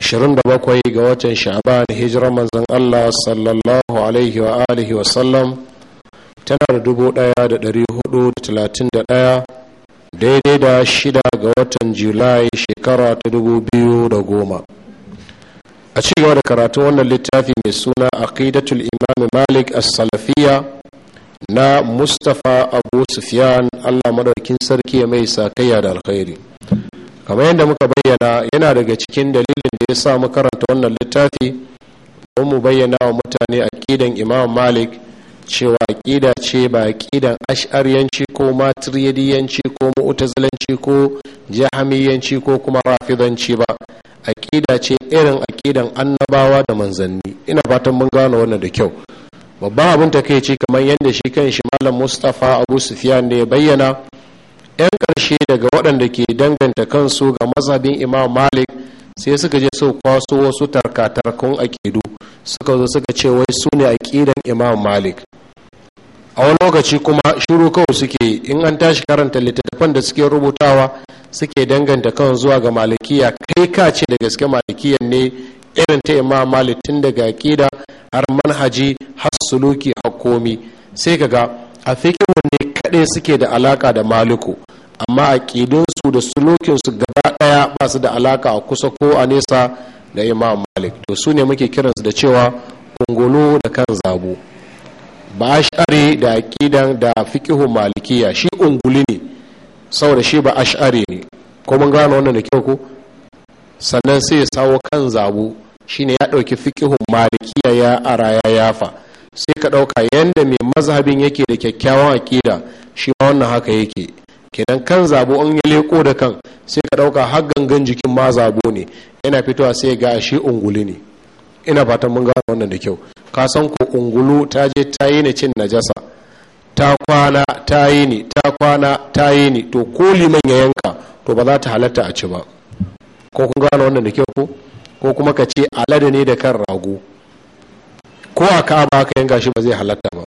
27 ga watan sha'ban hijirar manzon Allah sallallahu alaihi wa alihi wa sallam tana da 1431 daidai da shida ga watan julai shekara ta da goma. a cigaba da karatun wannan littafi mai suna aqidatul imam malik as-salafiyya na mustapha abu sufyan allah madaukin sarki mai sakayya da alkhairi kamar yadda muka bayyana yana daga cikin dalilin da ya sa mu karanta wannan littafi don mu bayyana wa mutane aƙidan imam malik cewa aƙida ce ba kidan ash'ariyanci ko matriyadiyanci ko mu'tazilanci ko jahamiyanci ko kuma rafidanci ba aƙida ce irin aƙidan annabawa da manzanni ina fatan mun gano wannan da kyau babban abin takaici kamar yadda shi kan shi malam mustapha abu sufyan da ya bayyana 'yan ƙarshe daga waɗanda ke danganta kansu ga mazhabin imam malik sai suka je su kwaso wasu tarkatarkun aƙidu suka zo suka ce wai su ne aƙidan imam malik a wani lokaci kuma shiru kawai suke in an tashi karanta littattafan da suke rubutawa suke danganta kan zuwa ga malikiya kai ka ce da gaske malikiya ne irin ta imam malik tun daga aƙida har manhaji har suluki har komi sai kaga a fikin ne kaɗai suke da alaka da maliku amma aƙidinsu da sulokinsu gaba ɗaya ba su da alaka a kusa ko a nesa da imam malik to su ne muke kiransu da cewa kungolo da kan zabo ba shari da aƙidan da fiƙihu malikiya shi unguli ne saboda shi ba shari ne ko mun gano wannan da kyau ko sannan sai ya sawo kan zabo shine ya ɗauki fikihun malikiya ya ara ya yafa sai ka ɗauka yadda mai mazhabin yake da kyakkyawan aƙida shi ma wannan haka yake kenan kan zabo in ya leko da kan sai ka ɗauka har gangan jikin ma zabo ne yana fitowa sai ga shi ungulu ne ina fatan mun gano wannan da kyau ka san ko ungulu ta je ta yi ne cin najasa ta kwana ta yi ne ta kwana ta yi ne to ko liman ya yanka to ba za ta halatta a ci ba ko kun gano wannan da kyau ko ko kuma ka ce alade ne da kan rago ko a ba ka yanka shi ba zai halatta ba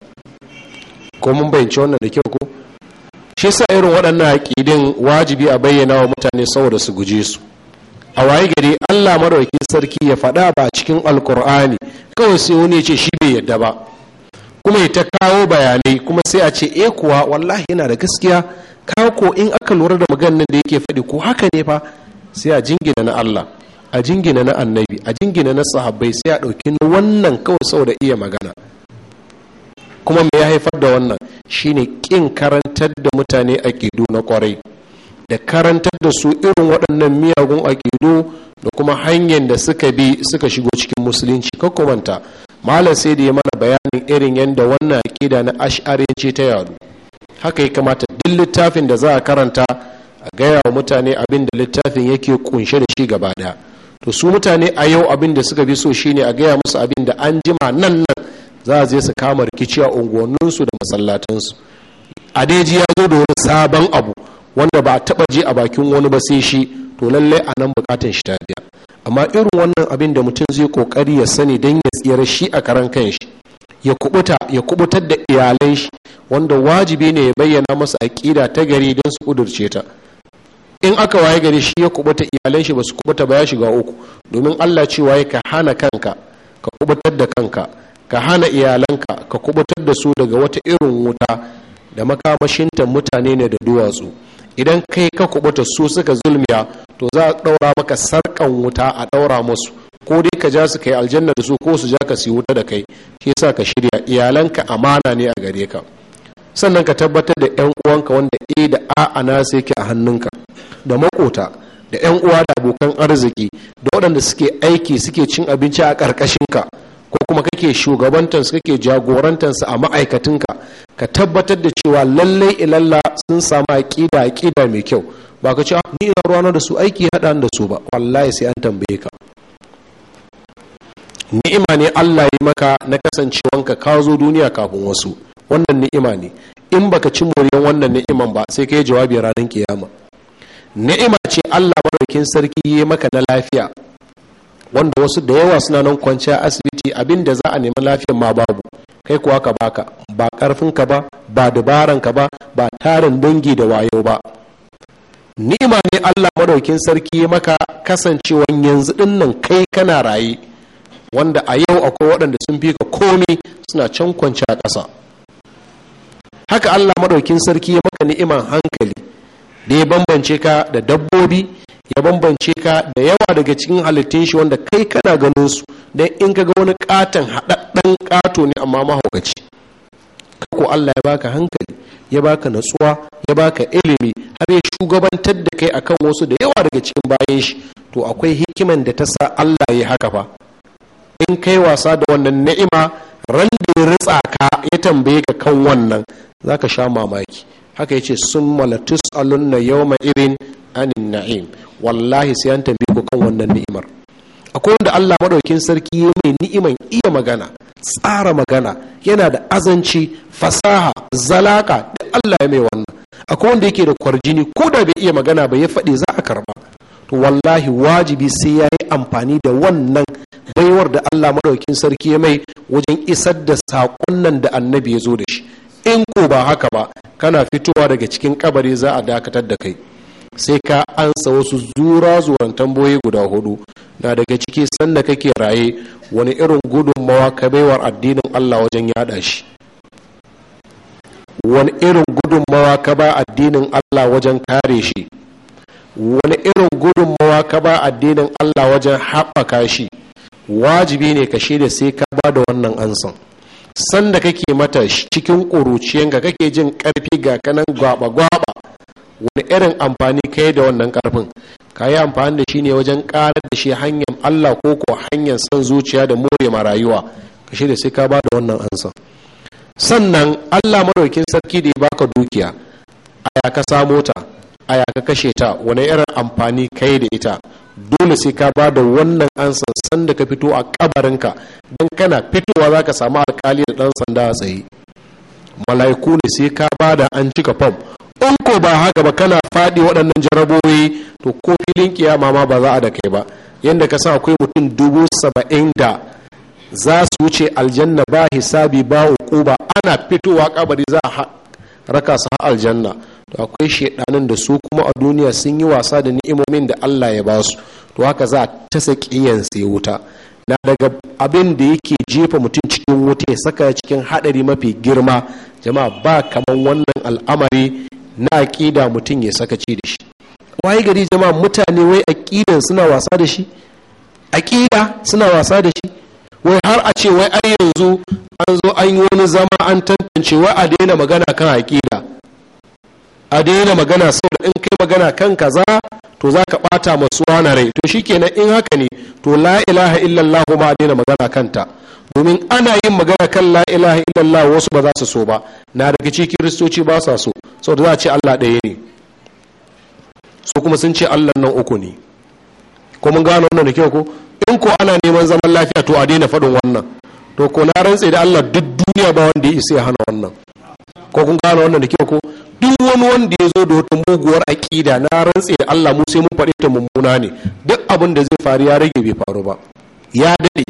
ko mun bayyance wannan da kyau ko shi sa irin waɗannan aƙidin wajibi a bayyana wa mutane saboda su guje su a waye gari allah maɗauki sarki ya faɗa ba cikin alkur'ani kawai sai wani ya ce shi bai yadda ba kuma ya ta kawo bayanai kuma sai a ce e kuwa wallahi yana da gaskiya ko in aka lura da maganin da yake faɗi ko haka ne fa sai a jingina na allah a jingina na annabi a jingina na sahabbai sai a ɗauki wannan kawai saboda iya magana kuma mai ya haifar da wannan shine ƙin karantar da mutane aƙidu na kwarai da karantar da su irin waɗannan miyagun aƙidu da kuma hanyar da suka bi suka shigo cikin musulunci kakkumanta malam sai da ya mana bayanin irin yadda wannan aƙida na ce ta yaro haka ya kamata duk littafin da za a karanta a gaya wa mutane abin da littafin yake kunshe da shi gaba ɗaya to su mutane a yau abin da suka bi so shine a gaya musu abin da an jima nan nan za a je su kama rikici a unguwanninsu da masallatansu adeji ya zo da wani sabon abu wanda ba a taba je a bakin wani ba sai shi to lallai a nan bukatan shi ta biya amma irin wannan abin da mutum zai kokari ya sani don ya tsira shi a karan kan shi ya kubuta ya kubutar da iyalan shi wanda wajibi ne ya bayyana masa akida ta gari don su kudurce ta in aka waye gari shi ya kubuta iyalan shi ba su kubuta ba ya shiga uku domin Allah cewa ya ka hana kanka ka kubutar da kanka ka hana iyalanka ka kubutar da su daga wata irin wuta da makamashinta mutane ne da duwatsu idan kai ka kubuta su suka zulmiya to za a ɗaura maka sarkan wuta a ɗaura musu ko dai ka ja su kai aljanna da su ko su ja ka su wuta da kai shi sa ka shirya iyalanka amana ne a gare ka sannan ka tabbatar da yan uwanka wanda e da a na sai ke a hannunka da makota da yan uwa da abokan arziki da waɗanda suke aiki suke cin abinci a ƙarƙashinka ko kuma kake shugabantansu kake jagorantansu a ma'aikatinka ka tabbatar da cewa lallai ilalla sun samu aƙida aƙida mai kyau ba ka ce ah, ni ina ruwana da su aiki haɗa da su ba wallahi sai an tambaye ka ni'ima ne Allah yi maka na kasancewanka ka zo duniya kafin wasu wannan ni'ima ne in baka ci muriyan wannan ni'iman ba sai ka yi jawabi ranar kiyama ni'ima ce Allah madaukin sarki ya maka na lafiya wanda wasu da yawa suna nan kwanciya asibiti abin da za a nemi lafiyar ma babu kai kuwa ka baka ba karfin ka ba ba ka ba ba tarin dangi da wayo ba ni'ima ne allah madaukin sarki ya maka kasancewa yanzu nan kai kana raye wanda a yau akwai waɗanda sun fi ka komai suna can kwanciya kasa ƙasa haka allah madaukin sarki ya maka ni'iman hankali da ya bambance ka da dabbobi ya bambance ka da yawa daga cikin halittun shi wanda kai kana ganin su don in ka ga wani katon haɗaɗɗen ƙato ne amma mahaukaci ko Allah ya baka hankali ya baka natsuwa ya baka ilimi har ya shugabantar da kai akan wasu da yawa daga cikin bayan shi to akwai hikiman da ta sa Allah ya haka fa in kai wasa da wannan ni'ima ran da ya ritsa ka ya tambaye ka kan wannan za ka sha mamaki haka ya ce sun malatus alunna yawma irin anin na'im wallahi sai an tambaye ku kan wannan ni'imar akwai wanda Allah madaukin sarki ya mai ni'iman iya magana tsara magana yana da azanci fasaha zalaka da Allah ya mai wannan akwai wanda yake da kwarjini ko da bai iya magana ba ya faɗi za a karba to wallahi wajibi sai ya yi amfani da wannan baiwar da Allah madaukin sarki ya mai wajen isar da saƙon nan da annabi ya zo da shi in ko ba haka ba kana fitowa daga cikin kabari za a dakatar da kai sai ka ansa wasu zura zuwan tamboyi guda hudu na daga ciki sanda kake raye wani irin gudunmawa ka baiwar addinin allah wajen yada shi wani irin gudunmawa ka ba addinin allah wajen kare shi wani irin gudunmawa ka ba addinin allah wajen haɓaka shi wajibi ne ka shaida sai ka ba da wannan ansan sanda kake mata cikin ƙuruciyanka kake jin ƙarfi ga kanan gwaba-gwaba wani irin amfani kai da wannan karfin ka yi amfani da shi ne wajen karar da shi hanyar allah ko ko hanyar son zuciya da more ma rayuwa ka da sai ka ba da wannan ansa sannan allah madaukin sarki da ya baka dukiya a ya ka samo ta a ya ka kashe ta wani irin amfani kai da ita dole sai ka ba da wannan ansan sanda ka fito a kabarinka don kana fitowa za ka samu alkali da dan sanda a tsaye mala'iku ne sai ka ba da an cika fom. ko ba haka ba kana faɗi waɗannan jarabowi to ko filin kiyama ma ba za a da kai ba yadda ka sa akwai mutum dubu saba'in da za su wuce aljanna ba hisabi ba ba ana fitowa kabari za a raka su aljanna to akwai shaidanin da su kuma a duniya sun yi wasa da ni'imomin da Allah ya ba su to haka za a tasa kiyan sai wuta na daga abin da yake jefa mutum cikin wuta ya saka cikin haɗari mafi girma jama'a ba kamar wannan al'amari na aƙida mutum ya sakaci da shi waye gari jama'a mutane wai aƙidan suna wasa da shi aƙida suna wasa da shi wai har a ce wai ai yanzu an zo an yi wani zama an tantance wai a daina magana kan aƙida a daina magana saboda in kai magana kan kaza to za ka ɓata masu wani rai to shikenan in haka ne to la ilaha illallah ma a daina magana kanta domin ana yin magana kan la ilaha illallah wasu ba za su so ba na daga ciki kiristoci ba sa so sau da za a ce allah ɗaya ne su kuma sun ce allah nan uku ne ko mun gano wannan da kyau ko in ko ana neman zaman lafiya to a daina faɗin wannan to ko na rantse da allah duk duniya ba wanda ya isa ya hana wannan ko kun gano wannan da kyau ko duk wani wanda ya zo da wata muguwar aƙida na rantse da allah mu sai mun faɗi ta mummuna ne duk abin da zai faru ya rage bai faru ba ya daɗe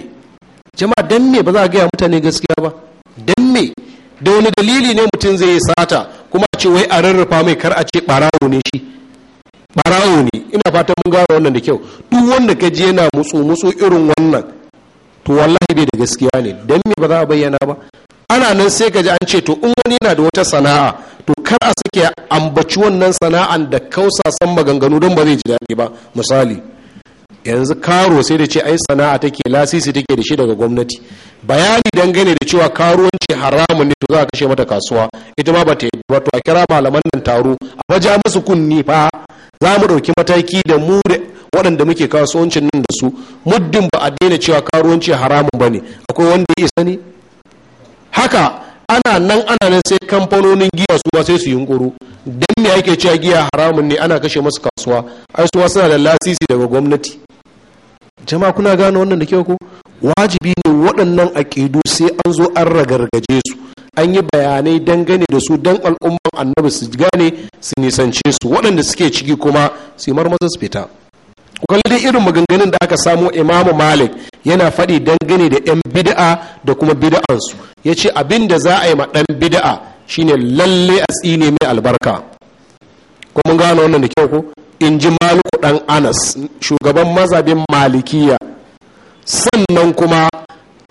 jama'a dan me ba za a gaya mutane gaskiya ba dan me da wani dalili ne mutum zai sata kuma ce wai a rarrafa mai kar a ce barawo ne shi barawo ne ina fata mun gara wannan da kyau duk wanda ka je yana mutsu mutsu irin wannan to wallahi bai da gaskiya ne dan me ba za a bayyana ba ana nan sai ka ji an ce to in wani yana da wata sana'a to kar a sake ambaci wannan sana'an da kausa kausasan maganganu don ba zai ji daɗi ba misali yanzu karo sai da ce ai sana'a take lasisi take da shi daga gwamnati bayani dangane da cewa karuwanci haramun ne to za a kashe mata kasuwa ita ma ba ta yi ba to a kira malaman nan taro a baja musu kunni fa za mu ɗauki mataki da mu da waɗanda muke kasuwancin nan da su muddin ba a daina cewa karuwanci haramun ba ne akwai wanda ya sani haka ana nan ana nan sai kamfanonin giya su ba sai su yunkuru dan me ake cewa giya haramun ne ana kashe masu kasuwa ai su suna da lasisi daga gwamnati jama kuna gano wannan da kyau ko wajibi ne waɗannan aƙidu sai an zo an ragargaje su an yi bayanai dangane da su don al'umman annabi su gane su nisance su waɗanda suke ciki kuma su marmasa su fita ku dai irin maganganun da aka samo imamu malik yana faɗi dangane da 'yan bida'a da kuma bida'ansu ya ce abin da za a yi ma ɗan bid'a shine lalle a tsine mai albarka kuma gano wannan da kyau ko in ji maluku ɗan anas shugaban mazabin malikiya sannan kuma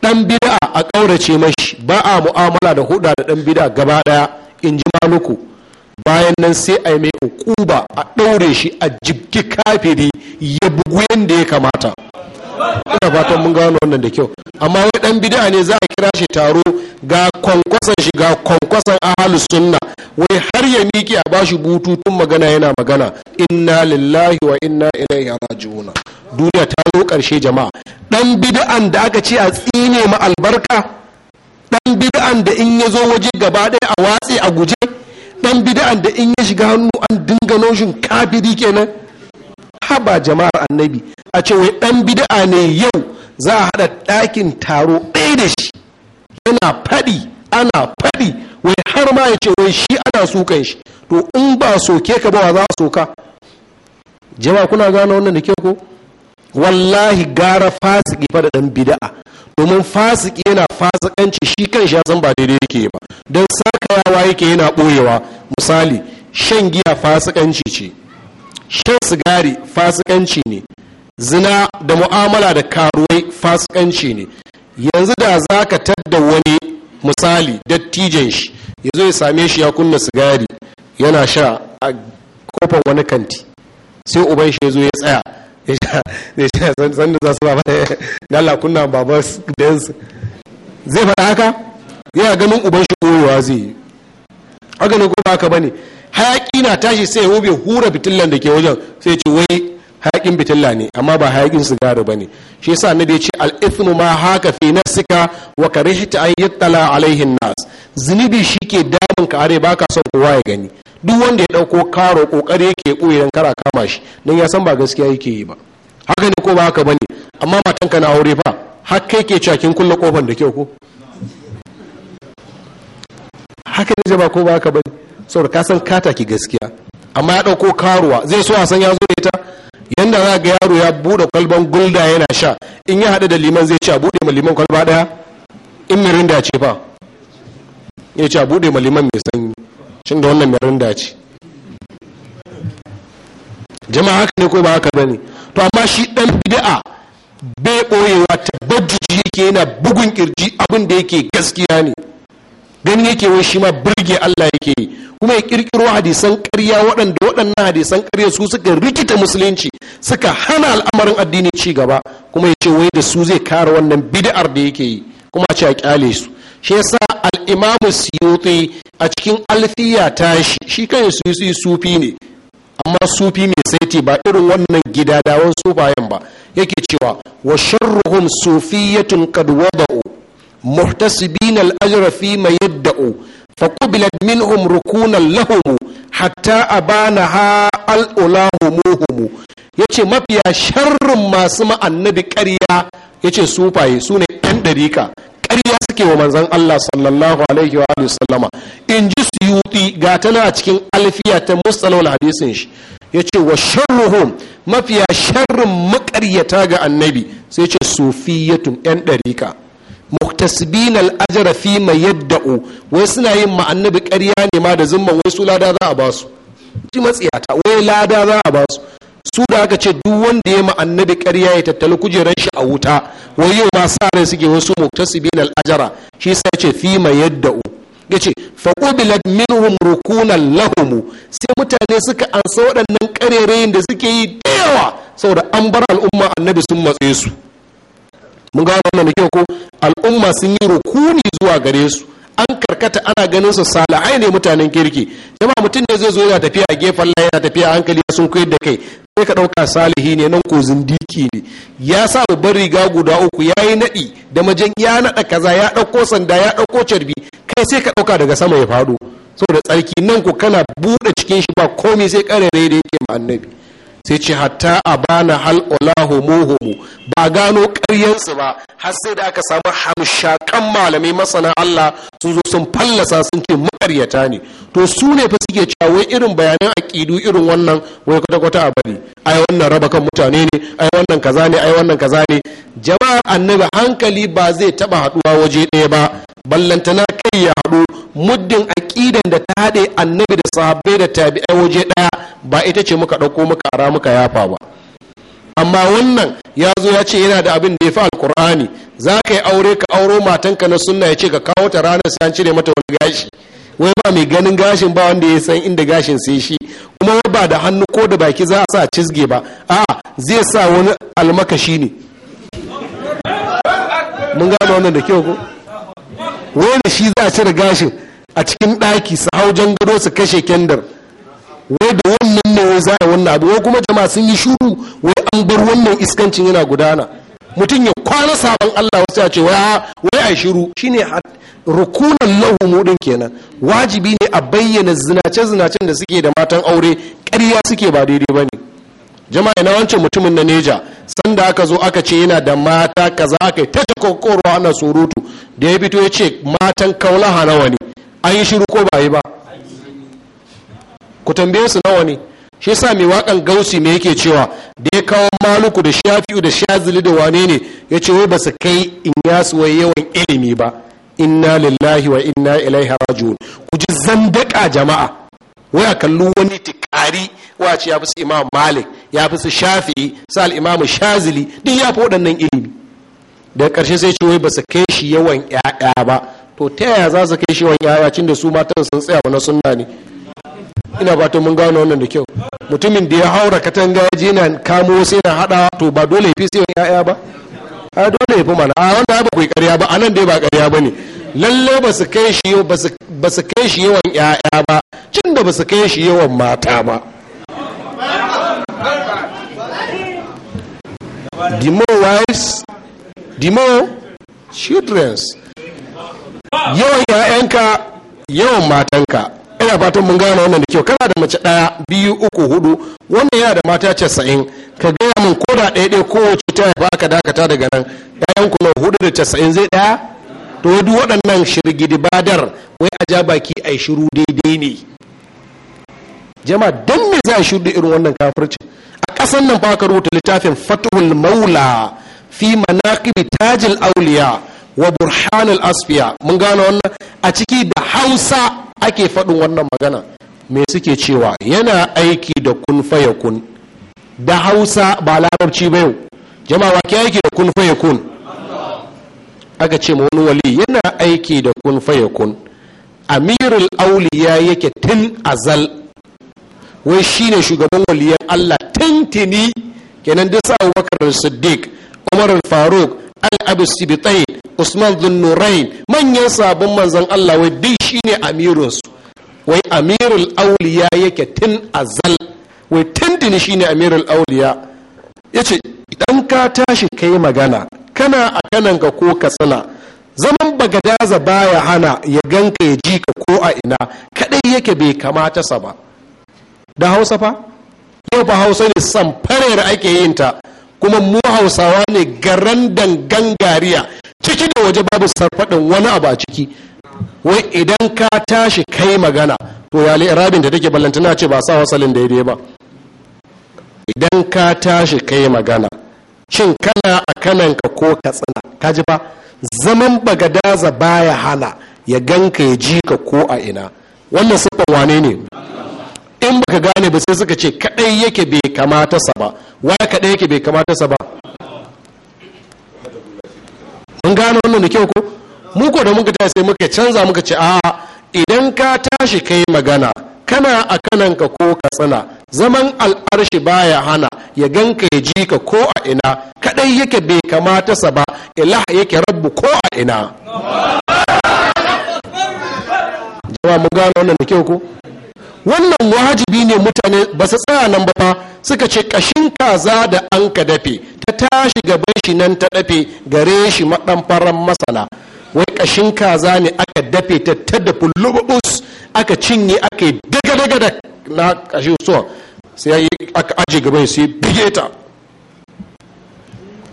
ɗan bida a ƙaurace mashi ba a mu'amala da huda da ɗan bida gaba ɗaya in ji maluku bayan nan sai a yi mai ukuba a ɗaure shi a jibgi kafiri ya bugu yadda ya kamata ina fatan mun gano wannan da kyau amma wai dan bid'a ne za a kira shi taro ga kwankwasan shi ga kwankwasan ahlu sunna wai har ya miki a bashi bututun magana yana magana inna lillahi wa inna ilaihi raji'un duniya ta zo karshe jama'a dan bid'an da aka ce a tsine ma albarka dan bid'an da in ya zo waje gaba ɗaya a watsi a guje dan bid'an da in ya shiga hannu an dinga noshin kafiri kenan ba jama'ar annabi a ce wai ɗan bida'a ne yau za a haɗa ɗakin taro ɗaya da shi yana faɗi ana faɗi wai har ma ya ce wai shi ana sukan shi to in ba soke ka ba wa za a soka jama'a kuna gane wannan da ke ko wallahi gara fasiki fa da dan bida'a. domin fasiki yana fasikanci shi kan shi san ba daidai yake ba dan sakayawa yake yana boyewa misali shan giya fasikanci ce shan sigari fasikanci ne zina da mu'amala da karuwai fasikanci ne yanzu da za ka tadda wani misali dattijan shi ya zo ya same shi ya kunna sigari yana sha a kofar wani kanti sai uban shi ya zo ya tsaya ya sha sanda za su ba da Allah kunna babar densu zai faɗa haka yana ganin uban shi koyowa zai yi haka ne ko ba haka bane hayaƙi na tashi sai hube hura fitillan da ke wajen sai ce wai hayaƙin fitilla ne amma ba hayaƙin sigari ba ne shi yasa annabi ya ce al-ithmu ma haka fi nafsika wa karihta an yattala alaihin nas zunubi shike damin ka are baka son kowa ya gani duk wanda ya ɗauko karo kokari yake koyi dan kara kama shi dan ya san ba gaskiya yake yi ba haka ne ko ba haka bane amma matanka na aure fa har kai ke cakin kulle kofar da kyau ko haka ne ba ko ba haka bane saboda ka san kata ki gaskiya amma ya ɗauko karuwa zai so a san ya zo ita yanda za ga yaro ya buɗe kwalban gulda yana sha in ya haɗu da liman zai ce a buɗe ma liman kwalba ɗaya in mirinda ce fa ya ce a buɗe ma liman mai sanyi cin da wannan mirinda ce jama'a haka ne ko ba haka bane to amma shi ɗan bid'a bai ɓoyewa tabbajuji yake yana bugun kirji abin da yake gaskiya ne ganin yake wai shi ma birge Allah yake yi kuma ya kirkiro hadisan ƙarya waɗanda waɗannan hadisan ƙarya su suka rikita musulunci suka hana al'amarin addini ci gaba kuma ya ce wai da su zai kare wannan bid'ar da yake yi kuma a ce a kyale su shi yasa al-imamu a cikin alfiya ta shi kan yi sufi ne amma sufi mai saiti ba irin wannan gida gidadawan sufayen ba yake cewa wa sharruhum sufiyatun kad muhtasibin al-ajra fi ma yad'u fa qubilat minhum rukunan lahumu, hatta abanaha al Ya yace mafiya sharrin masu ma'annabi ƙarya ce sufaye su ne ɗan ɗarika ƙarya suke wa manzon Allah sallallahu alaihi wa sallama in ji suyuti ga tana a cikin alfiya ta mustalawal hadisin shi ya ce wa sharruhum mafiya sharrin maƙaryata ga annabi sai ce sufiyatun yan ɗarika muktasibin al'ajara fi mai u wai suna yin ma'annabi karya ne ma da zumman wai su lada za a ba su matsiyata wai lada za a ba su su da aka ce duk wanda ya ma annabi ƙarya ya tattali kujeran shi a wuta wai yau ma sa rai suke wasu muktasibin al'ajara shi sa ce fi mai u ya ce faƙubilat minhum rukunan lahumu sai mutane suka ansa waɗannan ƙarerayin da suke yi da yawa saboda an bar al'umma annabi sun matse su mun ga wannan da kyau ko al'umma sun yi rukuni zuwa gare su an karkata ana ganin su sala'ai ne mutanen kirki jama'a mutum ne zai zo yana tafiya a gefen layi yana tafiya a hankali sun koyar da kai sai ka ɗauka salihi ne nan ko zindiki ne ya sa babban riga guda uku ya yi naɗi da majan ya naɗa kaza ya ɗauko sanda ya ɗauko carbi kai sai ka ɗauka daga sama ya faɗo saboda tsarki nan ko kana buɗe cikin shi ba komai sai ƙarare da yake ma annabi sai ce hatta a bana hal'ula homo-homo ba gano karyansu ba har sai da aka samu hamshakan malamai masana Allah sun zo sun fallasa sun ce makaryata ne to su ne fa suke cewa irin bayanan aƙidu irin wannan wai kwata-kwata a bari ai wannan raba kan mutane ne ai wannan kaza ne ai wannan kaza ne jama'ar annabi hankali ba zai taba haɗuwa waje ɗaya ba ballantana kai ya haɗu muddin aƙidan da ta haɗe annabi da sahabbai da tabi'ai waje ɗaya ba ita ce muka ɗauko muka ara muka yafa ba amma wannan ya zo ya ce yana da abin da ya fi alkur'ani za ka yi aure ka auro matanka na sunna ya ce ka kawo ta ranar sai an cire mata wani gashi wai ba mai ganin gashin ba wanda ya san inda gashin sai shi kuma wai ba da hannu ko da baki za a sa cizge ba a zai sa wani almakashi ne mun gano wannan da kyau ko wai da shi za a cire gashin a cikin ɗaki su hau jan gado su kashe kyandar wai da wannan ne wai za a wannan abu wai kuma jama'a sun yi shuru wai an bar wannan iskancin yana gudana mutum ya kwana sabon Allah wasu ya ce wai a shiru shine rukunan lahu mudin kenan wajibi ne a bayyana zinace zinacen da suke da matan aure ƙarya suke ba daidai ba ne jama'a ina wancan mutumin na neja sanda aka zo aka ce yana da mata kaza aka yi ta kokoro ana surutu da ya fito ya ce matan kaulaha nawa ne an yi shiru ko ba yi ba ku tambaye su nawa ne shi sa mai wakan gausi me yake cewa da ya kawo maluku da shafi'u da shazili da wane ne ya ce wai ba su kai in su wai yawan ilimi ba inna lillahi wa inna ilaihi raji'un ku ji zandaka jama'a wai a kallo wani tikari wace ya fi su imam malik ya fi su shafi su al'imamu shazili duk ya fi waɗannan ilimi da ƙarshe sai ce wai ba su kai shi yawan ƴaƴa ba to ta yaya za su kai shi yawan ƴaƴa, cin da su matan sun tsaya na sunna ne ina ba mun gano wannan da kyau mutumin da ya haura katanga ya je na kamo sai na haɗa to ba dole ya fi sai yawan ƴaƴa ba a dole ya fi mana a wanda ba ku yi ƙarya ba anan dai ba ƙarya ba ne lalle ba su kai shi yawan ƴaƴa ba cin da ba su kai shi yawan mata ba the more wives the more yawan ya'yanka yawan matanka ina fatan mun gane wannan da kyau kana da mace ɗaya biyu uku hudu wannan yana da mata casa'in ka gaya min ko da ɗaya ɗaya kowace ta haifa aka dakata daga nan yayan ku hudu da casa'in zai ɗaya to duk waɗannan shirgidi badar wai a ja baki a shiru daidai ne jama'a don me za a shiru da irin wannan kafircin kasan nan ba ka rubuta littafin fatuhul maula fi manaqibi tajil auliya wa burhanul asfiya mun gano wannan a ciki da hausa ake faɗin wannan magana me suke cewa yana aiki da kun faya da hausa ba larabci ba yau jama'a ke aiki da kun faya aka ce ma wani wali yana aiki da kun faya amirul auliya yake tun azal wai shine shugaban waliyar Allah tintini kenan da sa Abubakar Siddiq Umar Faruk Al-Abu Usman Dhunnurain manyan sabon manzon Allah wai duk shine amirin su wai amirul awliya yake tun azal wai tintini shine amirul awliya yace idan ka tashi kai magana kana a kananka ko ka tsala zaman bagadaza baya hana ya ganka ya ji ka ko a ina kadai yake bai kamata sa ba da hausa fa yau fa hausa ne da ake yin ta kuma mu hausawa ne garan dangan gariya ciki da waje babu sarfadin wani abu a ciki wai idan ka tashi kai magana to ya rabin da take ballantana ce ba sa wasalin daidai ba idan ka tashi kai magana shin kana a kananka ko ka tsina ka ji ba zaman bagadaza baya hana ya ganka ya ji ka ko a ina wannan siffan wane ne in baka gane ba sai suka ce kadai yake bai kamata sa ba wa kadai yake bai kamata sa ba mun gane wannan da kyau ko mu ko da muka sai muka canza muka ce a idan ka tashi kai magana kana a kananka ko ka tsana zaman al'arshi baya hana ya ganka ya ji ka ko a ina kadai yake bai kamata sa ba ilah yake rabbu ko a ina jama'a mun gano wannan da kyau ko wannan wajibi ne mutane ba su tsaya nan ba suka ce kashin kaza da an ka dafe ta tashi gaban shi nan ta dafe gare shi maɗan faran masana wai kashin kaza ne aka dafe ta ta da fulubus aka cinye aka yi daga-daga da na kashin so sai aka aje gaban sai bige ta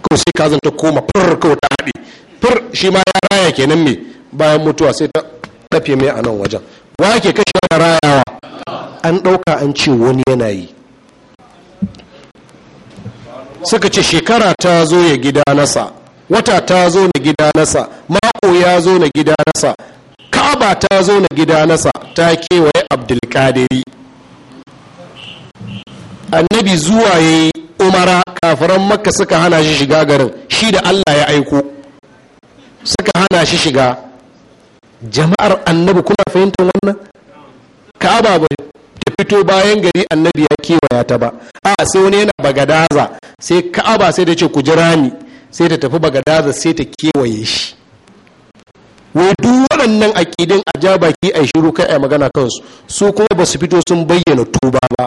ko sai kazan ta koma fur ko ta haɗe fur shi ma ya raya kenan me bayan mutuwa sai ta dafe mai a nan wajen wa ke kashe rayawa an ɗauka an ce wani yana yi suka ce shekara ta zo ya gida nasa wata ta zo na gida nasa mako ya zo na gida nasa kaba ta zo na gida nasa ta kewaye abdulkadiri annabi zuwa ya yi umara kafiran makka suka hana shi shiga garin shi da allah ya aiko suka hana shi shiga jama'ar annabi kuna fahimtar wannan ka'aba ba fito bayan gari annabi ya kewaya ta ba a sai wani yana bagadaza sai ka'aba sai da ce ku jira ni sai ta tafi bagadaza sai ta kewaye shi wai duk waɗannan aƙidin a ja baki a shiru kai a magana kansu su kuma ba su fito sun bayyana tuba ba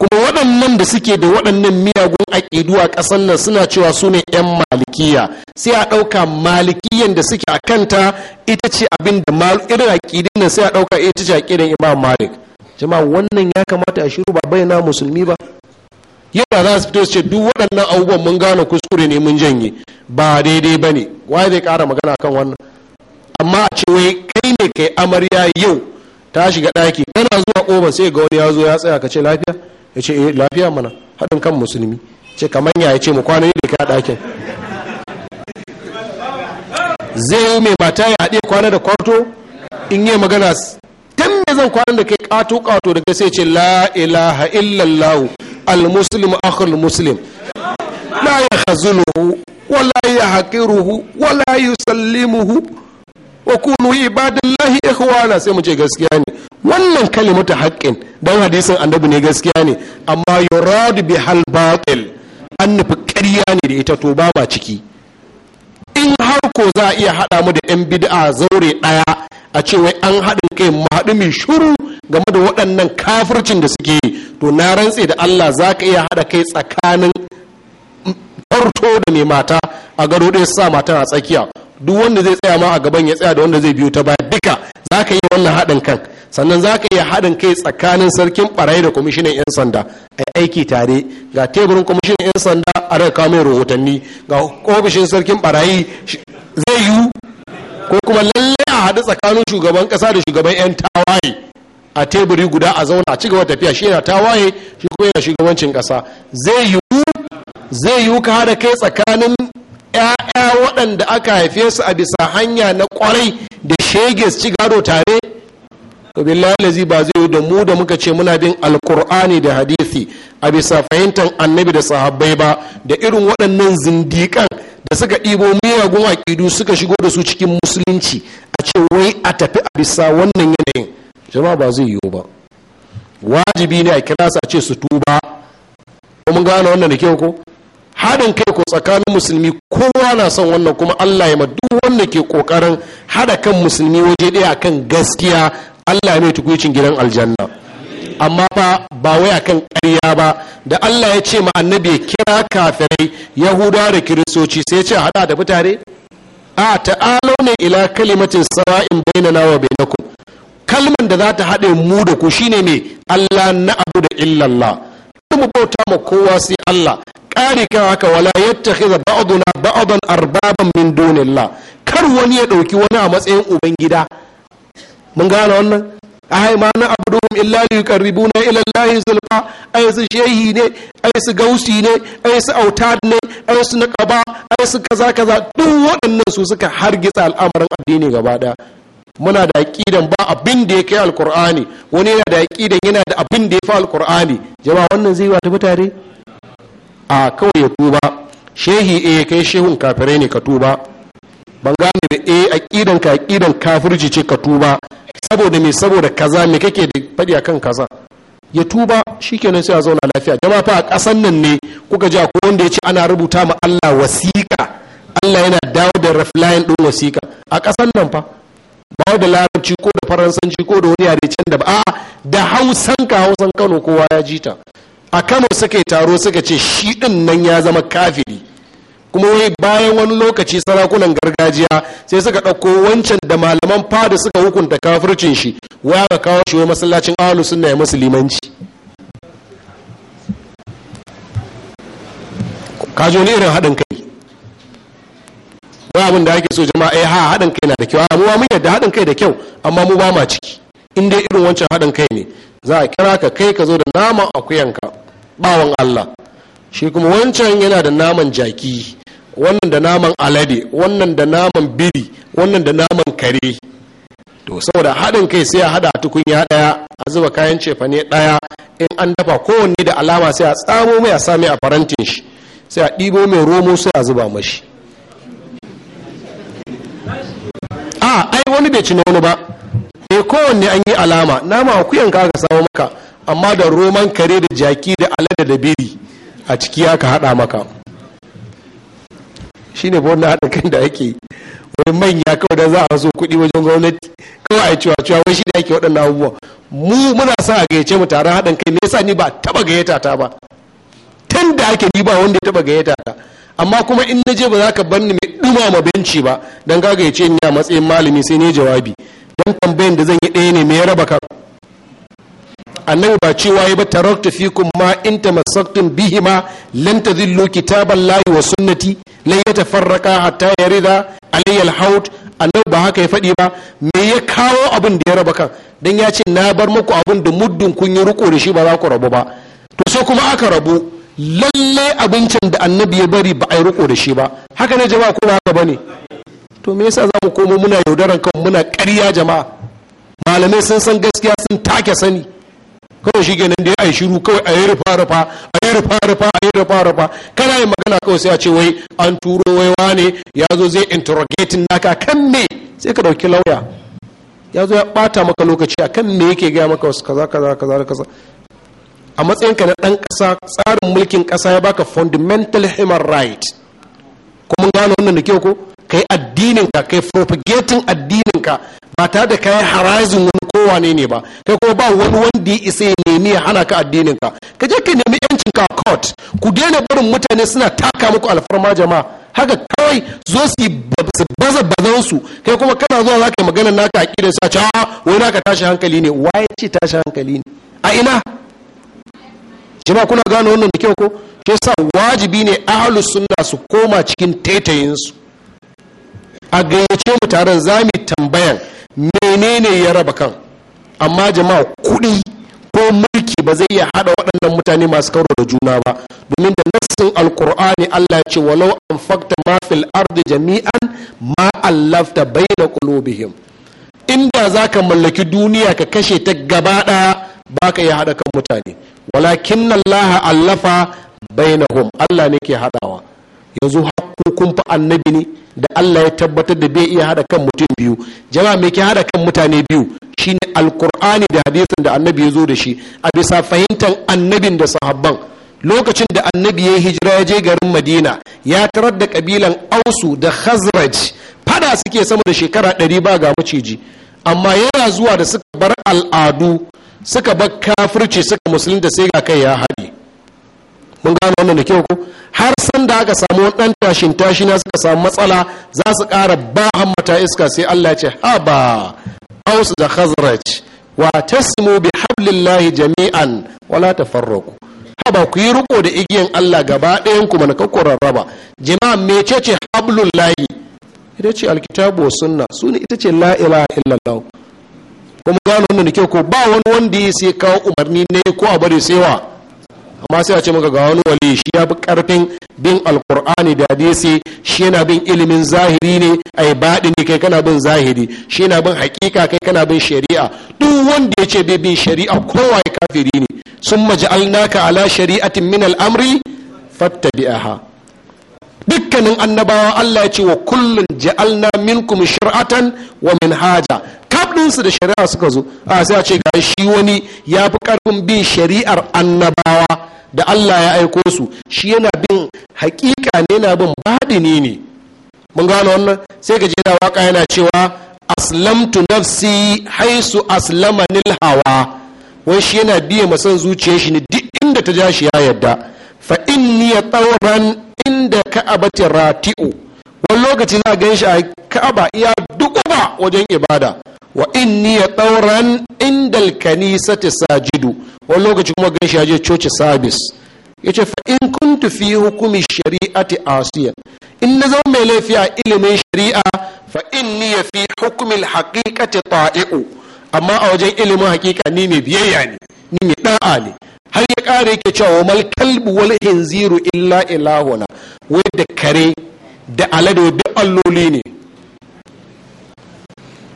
kuma waɗannan da suke da waɗannan miyagun aƙidu a ƙasar nan suna cewa su ne 'yan malikiya sai a ɗauka malikiyan da suke a kanta ita ce abin da irin aƙidin nan sai a ɗauka ita ce aƙidin imam malik jama'a wannan ya kamata a shiru ba bayyana musulmi ba yau ba za su fito su ce duk waɗannan abubuwan mun gane kuskure ne mun janye ba daidai ba ne waye zai ƙara magana kan wannan amma a ce wai kai ne kai amarya yau ta shiga ɗaki kana zuwa ƙofar sai ga wani ya zo ya tsaya ka ce lafiya ya ce eh lafiya mana haɗin kan musulmi ce kamar ya ce mu kwana ne da kai a ɗakin zai yi mai mata ya haɗe kwana da kwarto in yi magana zan kwana da kai kato kato daga sai ce la ilaha illallah almuslim akhul muslim la yakhzuluhu wala yahqiruhu wala yusallimuhu wa kunu ibadallahi ikhwana sai mu ce gaskiya ne wannan kalimatu haqqin dan hadisin annabi ne gaskiya ne amma yurad bi hal batil an ƙarya ne da ita to ba ciki in har ko za a iya haɗa mu da 'yan bid'a zaure ɗaya a ce wai an haɗin kai mu haɗu mai shuru game da waɗannan kafircin da suke yi to na rantse da allah za ka iya haɗa kai tsakanin farto da mai mata a gado ɗaya sa matan a tsakiya duk wanda zai tsaya ma a gaban ya tsaya da wanda zai biyo ta baya duka za ka iya wannan haɗin kan sannan za ka iya haɗin kai tsakanin sarkin ɓarayi da kwamishinan 'yan sanda a aiki tare ga teburin kwamishinan 'yan sanda a daga kawo rahotanni ga ofishin sarkin ɓarayi zai yiwu ko kuma lalle haɗu tsakanin shugaban ƙasa da shugaban 'yan tawaye a teburi guda a zauna a cigaba tafiya shi yana tawaye shi kuma yana shugabancin ƙasa zai yiwu zai yiwu ka haɗa kai tsakanin 'ya'ya waɗanda aka haife su a bisa hanya na ƙwarai da shege su ci gado tare billahi ba zai yiwu da mu da muka ce muna bin alkur'ani da hadisi a bisa fahimtar annabi da sahabbai ba da irin waɗannan zindikan. da suka ɗibo miyagun aƙidu suka shigo da su cikin musulunci a ce wai a tafi a bisa wannan yanayin jama'a ba zai yiwu ba wajibi ne a kira su a ce su tuba mun gane wannan da kyau ko haɗin kai ko tsakanin musulmi kowa na son wannan kuma allah ya ma duk wanda ke ƙoƙarin haɗa kan musulmi waje ɗaya akan gaskiya allah ya mai tukwicin gidan aljanna amma fa ba wai akan ƙarya ba da Allah ya ce ma annabi ya kira kafirai yahuda da kiristoci sai ce hada da mutane a ta'alo ne ila kalimatin sara'in bainana wa bainakum kalman da za ta haɗe mu da ku shine ne Allah na abu da illallah kar mu bauta ma kowa sai Allah ƙari kan haka wala yattakhidha ba'duna ba'dan arbaban min dunillah kar wani ya ɗauki wani a matsayin ubangida mun gane wannan ai ma na abuduhum illa yuqarribuna ila allahi zulfa ai su shehi ne ai su gausi ne ai su autad ne ai su na qaba, ai su kaza kaza duk waɗannan su suka hargitsa al'amarin addini gaba daya muna da aqidan ba abin da ya kai wani yana da aqidan yana da abin da ya fi jama'a wannan zai wata mutane a kawai ya tuba shehi eh kai shehun kafirai ne ka tuba ban gane da a eh, aqidan ka aqidan kafirci ce ka tuba saboda me saboda kaza me kake da faɗi akan kaza ya tuba shikenan sai a zauna lafiya jama'a fa a ƙasan nan ne kuka ji akwai wanda ya ce ana rubuta ma Allah wasiƙa Allah yana dawo da raflayin ɗin wasiƙa a ƙasan nan fa ba da larabci ko da faransanci ko da wani yare can da ba a da hausan ka hausan kano kowa ya jita a kano suka taro suka ce shi ɗin nan ya zama kafiri kuma wai bayan wani lokaci sarakunan gargajiya sai suka ɗauko wancan da malaman fada suka hukunta kafircin shi waya ka kawo shi wa masallacin ahlus sunna ya musulmanci ka ji wani irin haɗin kai wai abin da ake so jama'a eh ha haɗin kai na da kyau amma mun yadda haɗin kai da kyau amma mu ba ma ciki in dai irin wancan haɗin kai ne za a kira ka kai ka zo da naman akuyanka bawan Allah shi kuma wancan yana da naman jaki wannan da naman alade wannan da naman biri wannan da naman kare to saboda haɗin kai sai a haɗa tukunya ɗaya a zuba kayan cefane ɗaya in an dafa kowanne da alama sai a tsamo mai a sami a farantin shi sai a ɗibo mai romo sai a zuba mashi a ai wani bai ci nono ba e kowanne an yi alama nama akuyan ka aka samu maka amma da roman kare da jaki da alade da biri a ciki aka haɗa maka shine ba wannan haɗin kan da ake wani manya kawai da za a so kuɗi wajen gwamnati kawai a yi cewa cewa wai shi da ake waɗanda abubuwa mu muna sa a gayyace mu taron haɗin kai me yasa ni ba taɓa gayyata ta ba tun da ake ni ba wanda ya taɓa gayyata ta amma kuma in na je ba za ka bar ni mai ma benci ba don ka gayyace ni a matsayin malami sai ne jawabi don tambayan da zan yi ɗaya ne me ya raba ka annabi ba cewa ya ba tarakta fikum ma in tamassaktum bihi ma lan tadhillu kitaballahi wa sunnati lai ya tafarraka hatta ya rida aliyyal haut annabi ba haka ya faɗi ba me ya kawo abin da ya raba kan Don ya ce na bar muku abin da muddin kun yi riko da shi ba za ku rabu ba to sai kuma aka rabu lallai abincin da annabi ya bari ba a yi riko da shi ba haka ne jama'a kuma haka bane to me yasa za mu komo muna yaudaran kan muna karya jama'a malamai sun san gaskiya sun take sani kawai shi kenan dai a yi shiru kawai a yi rufa rufa a yi rufa rufa a yi rufa rufa kana yin magana kawai sai a ce wai an turo wai ne ya zo zai interrogating naka kan me sai ka ɗauki lauya ya zo ya ɓata maka lokaci a kan me yake gaya maka wasu kaza kaza kaza kaza a matsayinka na ɗan kasa tsarin mulkin kasa ya baka fundamental human right kuma gano wannan da kyau ko kai addinin ka kai propagating ka ba tare da kayan harazin wani kowane ne ba kai kuma ba wani wanda ya isa ya nemi ya hana ka addinin ka ka je ka nemi yancin ka court ku daina barin mutane suna taka muku alfarma jama'a haka kawai zo su baza bazan su kai kuma kana zuwa za ka yi magana naka a kidan sa cewa wai naka tashi hankali ne wa ya ce tashi hankali ne a ina jama'a kuna gano wannan da kyau ko ke sa wajibi ne ahalu sunna su koma cikin taitayinsu a gayyace mu taron za mu tambayan menene ya raba kan amma jama'a kuɗi ko mulki ba zai iya haɗa waɗannan mutane masu kauro da juna ba domin da nassin alkur'ani allah ya ce walau an fakta ma fil ardi jami'an ma allafta da qulubihim inda zaka mallaki duniya ka kashe ta gaba ɗaya baka iya haɗa kan mutane walakin allah allafa bainahum allah ne ke haɗawa yanzu hakkokun fa annabi ne da Allah ya tabbatar da bai iya hada kan mutum biyu jama'a me ke hada kan mutane biyu shine alkur'ani da hadisin da annabi ya zo da shi a bisa fahimtar annabin da sahabban lokacin da annabi ya hijira ya je garin madina ya tarar da kabilan ausu da khazraj fada suke sama da shekara ɗari ba ga maciji amma yana zuwa da suka bar al'adu suka bar kafirci suka musulunta sai ga kai ya hadi mun gano wannan da kyau ko har san da aka samu ɗan dan tashin tashi na suka samu matsala za su ƙara ba hammata iska sai Allah ya ce haba aus da khazraj wa tasmu bi hablillahi jami'an wala tafarraqu haba ku yi riko da igiyan Allah gaba ɗayan ku mana kakkura raba jama'a mecece hablullahi ita ce alkitabu wa sunna su ita ce la ilaha illallah kuma gano wannan da kyau ko ba wani wanda ya sai kawo umarni ne ko a bari sai wa amma sai a ce maka ga wani wali shi ya fi karfin bin alkur'ani da hadisi shi yana bin ilimin zahiri ne ai ne kai kana bin zahiri shi yana bin hakika kai kana bin shari'a duk wanda ya ce bai bin shari'a kowa ya kafiri ne sun maja'alnaka ala shari'atin min al'amri fattabi'aha dukkanin annabawa Allah ya ce wa kullun ja'alna minkum shir'atan wa Kaf kaɗinsu da shari'a suka zo a sai a ce ga shi wani ya fi ƙarfin bin shari'ar annabawa da Allah ya aiko su shi yana bin hakika ne yana bin badini ne ne. mun gano wannan sai ka jira waka yana cewa aslamtu nafsi haisu aslama nil hawa wai shi yana biya masan zuciyar shi ne duk inda ta ja shi ya yadda fa inni ya tsawon inda ka'abatin rati'u wani lokaci za a gan shi a ka'aba iya duk wajen ibada wa in ni ya ɗauran indal kanisati sajidu wani lokaci kuma gan shi coci sabis ya ce fa in kuntu fi hukumi shari'ati asiya in na zama mai laifi a ilimin shari'a fa ni ya fi hukumin ta ta'i'u amma a wajen ilimin haƙiƙa ni mai biyayya ne ni mai ɗa'a ne har ya ƙara yake cewa mal kalbu wal hinziru illa ilahuna wai da kare da alade duk alloli ne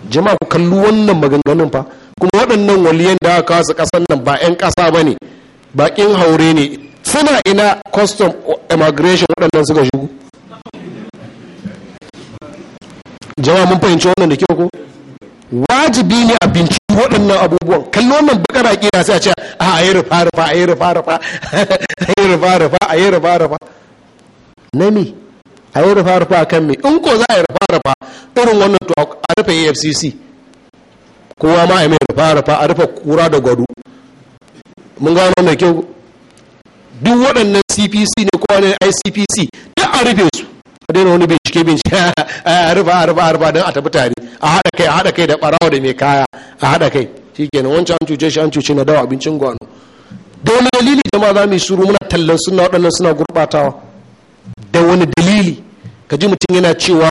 jama'a ku kalli wannan maganganun fa kuma waɗannan waliyan da aka kasa ƙasar nan ba 'yan ƙasa ba ne baƙin haure ne suna ina custom immigration waɗannan suka shigo jama'a mun fahimci wannan da kyau ko wajibi ne a binci waɗannan abubuwan kalli wannan bakara aƙida sai a ce a yi rufa rufa a yi rufa rufa a yi rufa rufa a yi rufa rufa na me a yi rufa rufa kan me in ko za a yi rufa rufa irin wannan to a rufe afcc kowa ma a yi mai rufa rufa a rufe kura da gwado mun gano mai kyau duk waɗannan cpc ne ko ne icpc ta a rufe su a daina wani bincike bincike a rufa a rufa a rufa don a tafi tare a haɗa kai a haɗa kai da ɓarawa da mai kaya a haɗa kai shikenan wancan an cuce shi an cuce na dawa abincin gwano da wani dalili jama'a za mu yi shuru muna tallan suna waɗannan suna gurɓatawa da wani dalili ka ji mutum yana cewa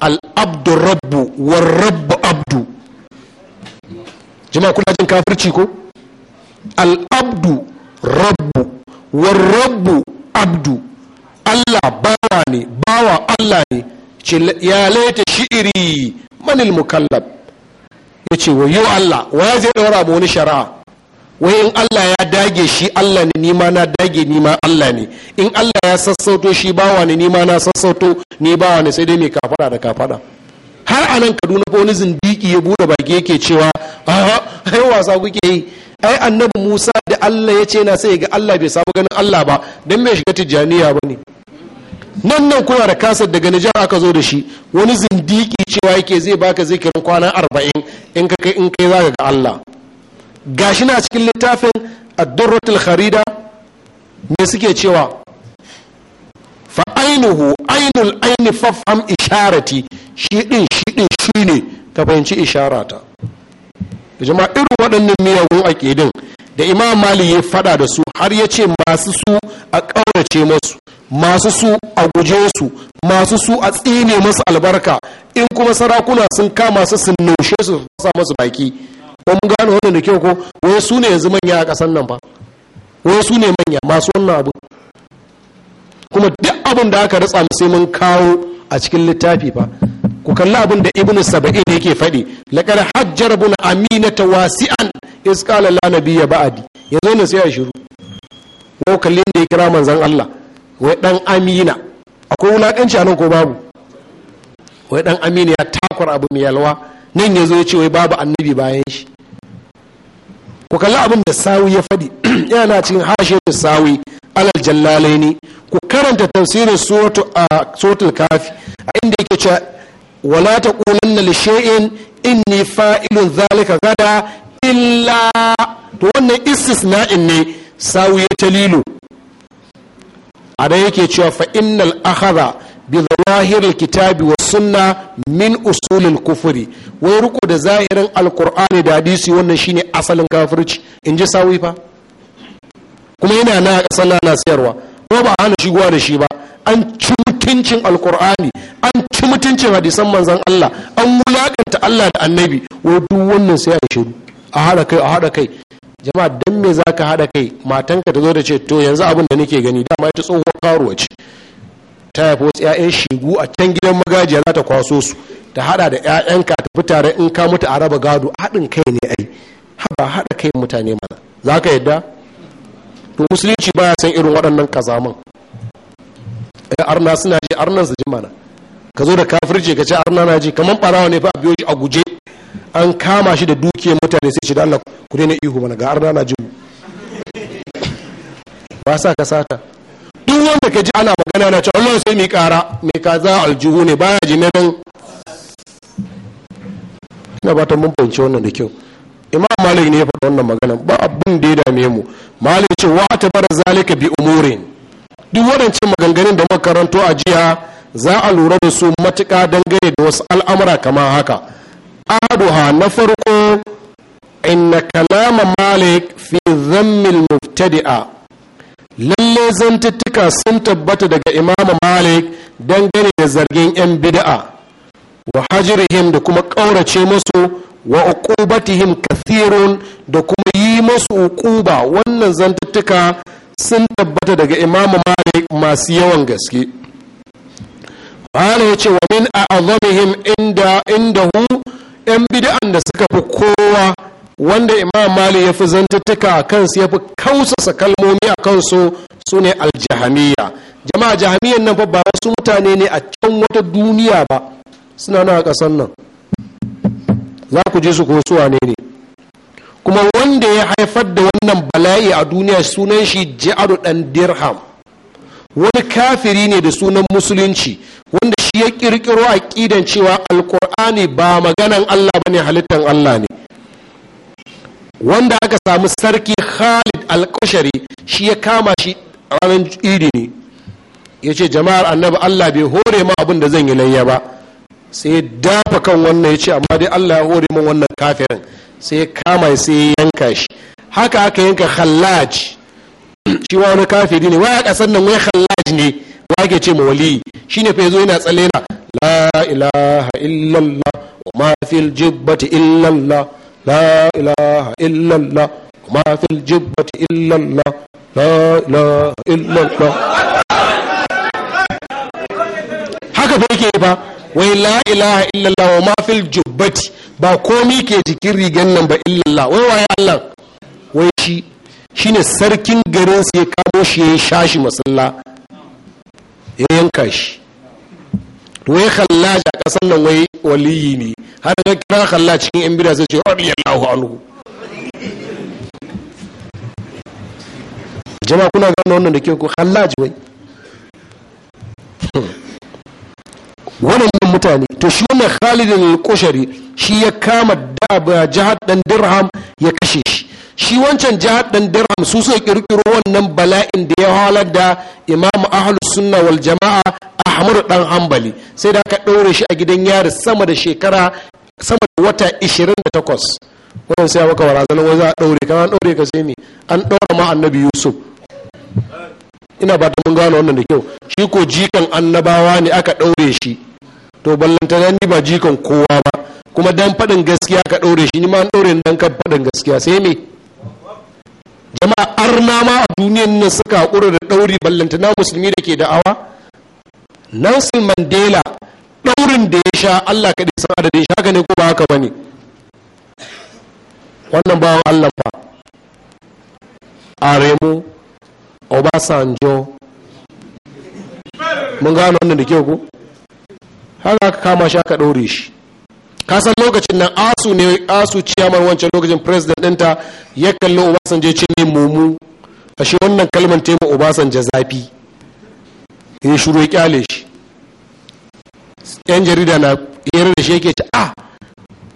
al'abdu rabbu war rabbu abdu jima kuna jin kafirci ko al'abdu rabbu war rabbu abdu allah bawa ne bawa allah ne ya laita shi'iri manil mukallab ya ce yi allah wa zai ɗaura mu wani shari'a wai in Allah ya dage shi Allah ne nima na dage nima Allah ne in Allah ya sassauto shi bawa ne nima na sassauto ni bawa ne sai dai mai kafada da kafada har a nan Kaduna ko wani zindiki ya bude baki yake cewa ai wasa kuke yi ai annabi Musa da Allah ya ce na sai ga Allah bai samu ganin Allah ba dan mai shiga tijaniya bane nan nan kuna da kasar daga Nijar aka zo da shi wani zindiki cewa yake zai baka zikirin kwana arba'in in kai in kai zaka ga Allah gashi na cikin littafin addurratul kharida me suke cewa fa ainuhu ainul aini fafham isharati shi din shi din shi ne ka fahimci isharata jama irin waɗannan miyagun aƙidin da imam mali ya faɗa da su har ya ce masu su a ƙaurace masu masu su a guje su masu su a tsine masu albarka in kuma sarakuna sun kama su sun naushe su fasa masu baki ko mu gano wannan da kyau ko wai su ne yanzu manya a ƙasar nan fa wai su ne manya masu wannan abu kuma duk abin da aka ritsa sai mun kawo a cikin littafi fa ku kalli abin da ibnu saba'in yake faɗi laqad hajjar ibn ta wasi'an is qala la nabiyya ba'di zo ne sai ya shiru ko kalli da ya kira manzon Allah wai dan amina akwai wulakanci a nan ko babu wai dan amina ya takwar abu mai yalwa nan yazo ya ce wai babu annabi bayan shi ku kalli abin da sawi ya faɗi yana cikin hashe da sawi alal ne ku karanta tafsirin suratul kafi a inda yake cewa wala ta taqulanna li shay'in inni fa'ilun zalika gada illa to wannan istisna'in ne sawi ya talilo a da yake cewa fa innal akhadha bi zawahiril kitabi wa sunna min usulil kufuri wai riko da zahirin alkur'ani da hadisi wannan shine asalin kafirci in ji sawi fa kuma yana na kasar na sayarwa ko ba hana shigowa da shi ba an ci mutuncin alkur'ani an ci mutuncin hadisan manzan Allah an wulakanta Allah da annabi wai duk wannan sai a shiru a haɗa kai a haɗa kai jama'a dan me zaka haɗa kai matanka ta zo da ce to yanzu abin da nake gani dama ita tsohuwar karuwa ce ta haifi wasu 'ya'yan shigu a can gidan magajiya za ta kwaso su ta hada da 'ya'yanka ta fi tare in ka mutu a raba gado haɗin kai ne ai haba haɗa kai mutane mana za ka yadda to musulunci baya san irin waɗannan kazaman ya eh, arna suna ji arnan su ji mana ka zo da kafirce ka ce arna na ji kamar ɓarawa ne fa a biyo shi a guje an kama shi da dukiyar mutane sai shi da Allah ku daina ihu mana ga arna na ji ba sa ka sata duk wanda ka ji ana magana na cewa Allah sai mai kara mai kaza aljihu ne baya jimirin ina ba ta mun fahimci wannan da kyau imam malik ne ya faɗi wannan magana ba abin da ya dame mu malik ce wa ta bar zalika bi umurin duk waɗancan maganganun da muka karanto a jiya za a lura da su matuƙa dangane da wasu al'amura kamar haka aduha na farko inna kalama malik fi zammil mubtadi'a lalle zantuttuka sun tabbata daga imamu malik dangane da zargin 'yan bida'a wa hajirihim da kuma ƙaurace musu wa uqubatihim kathirun da kuma yi musu uquba wannan zantuttuka sun tabbata daga imamu malik masu yawan gaske mala ya ce wa min a inda hu 'yan bid'an da suka fi kowa wanda imam mali ya fi zantattuka a kansu ya fi kausasa kalmomi a kansu su ne aljahamiya jama'a jahamiyan nan fa ba wasu mutane ne a can wata duniya ba suna nan a nan za ku je su ko suwa ne ne kuma wanda ya haifar da wannan bala'i a duniya sunan shi ja'adu dan dirham wani kafiri ne da sunan musulunci wanda shi ya kirkiro aƙidan cewa alkur'ani ba maganan allah bane halittar allah ne wanda aka samu sarki khalid Al al-kushari shi ya kama shi ranar idi ne ya ce jama'ar annabi allah bai hore ma abin da zan yi lanya ba sai ya dafa kan wannan ya ce amma dai allah ya hore ma wannan kafirin sai ya kama sai ya yanka shi haka aka yanka khallaj shi wani kafiri ne waya kasar nan wai khallaj ne wa ke ce ma wali ne fa yazo yana tsalle na la ilaha illallah wa ma fil jibbati illallah la ilaha illallah ma fil jibbati illallah la ilaha illallah haka ba yake ba wai la ilaha illallah wa ma fil jubbati ba komai ke cikin rigan nan ba illallah wai waye Allah wai shi shine sarkin garin sai kamo shi ya shashi masalla ya yanka shi to wai khallaj a kasan nan wai waliyi ne har da kira khallaj cikin yan bida sai ce radiyallahu anhu jama'a kuna gano wannan da ke ku khallaj wai waɗannan mutane to shi wannan khalidin al-kushari shi ya kama da jihar dan dirham ya kashe shi shi wancan jihar dan dirham su suka kirkiro wannan bala'in da ya halar da imam ahlus sunna wal jama'a ahmadu dan hambali sai da aka ɗaure shi a gidan yari sama da shekara sama da wata 28 wannan sai wara zanen wani za a ɗaure kama an ɗaure ka sai me an ɗaura ma annabi yusuf ina ba ta mun gano wannan da kyau shi ko jikan annabawa ne aka ɗaure shi to ballantana ni ba jikan kowa ba kuma dan faɗin gaskiya ka ɗaure shi ni ma an ɗaure ni dan kan faɗin gaskiya sai me jama'a arna ma a duniyan nan suka haƙura da ɗauri na musulmi da ke da'awa Nelson Mandela ɗaurin da ya sha Allah kaɗai san adadin shi haka ne ko ba haka ba ne wannan bawan Allah fa Aremu Obasanjo mun gano wannan da kyau ko haka aka kama shi aka ɗaure shi kasan lokacin nan asu ne asu ciyamar wancan lokacin president ɗinta ya kalli obasanjo ce ne mumu shi wannan kalmar tema obasanjo zafi ya shuru ya kyale shi yan jarida na yare da shi yake ce ah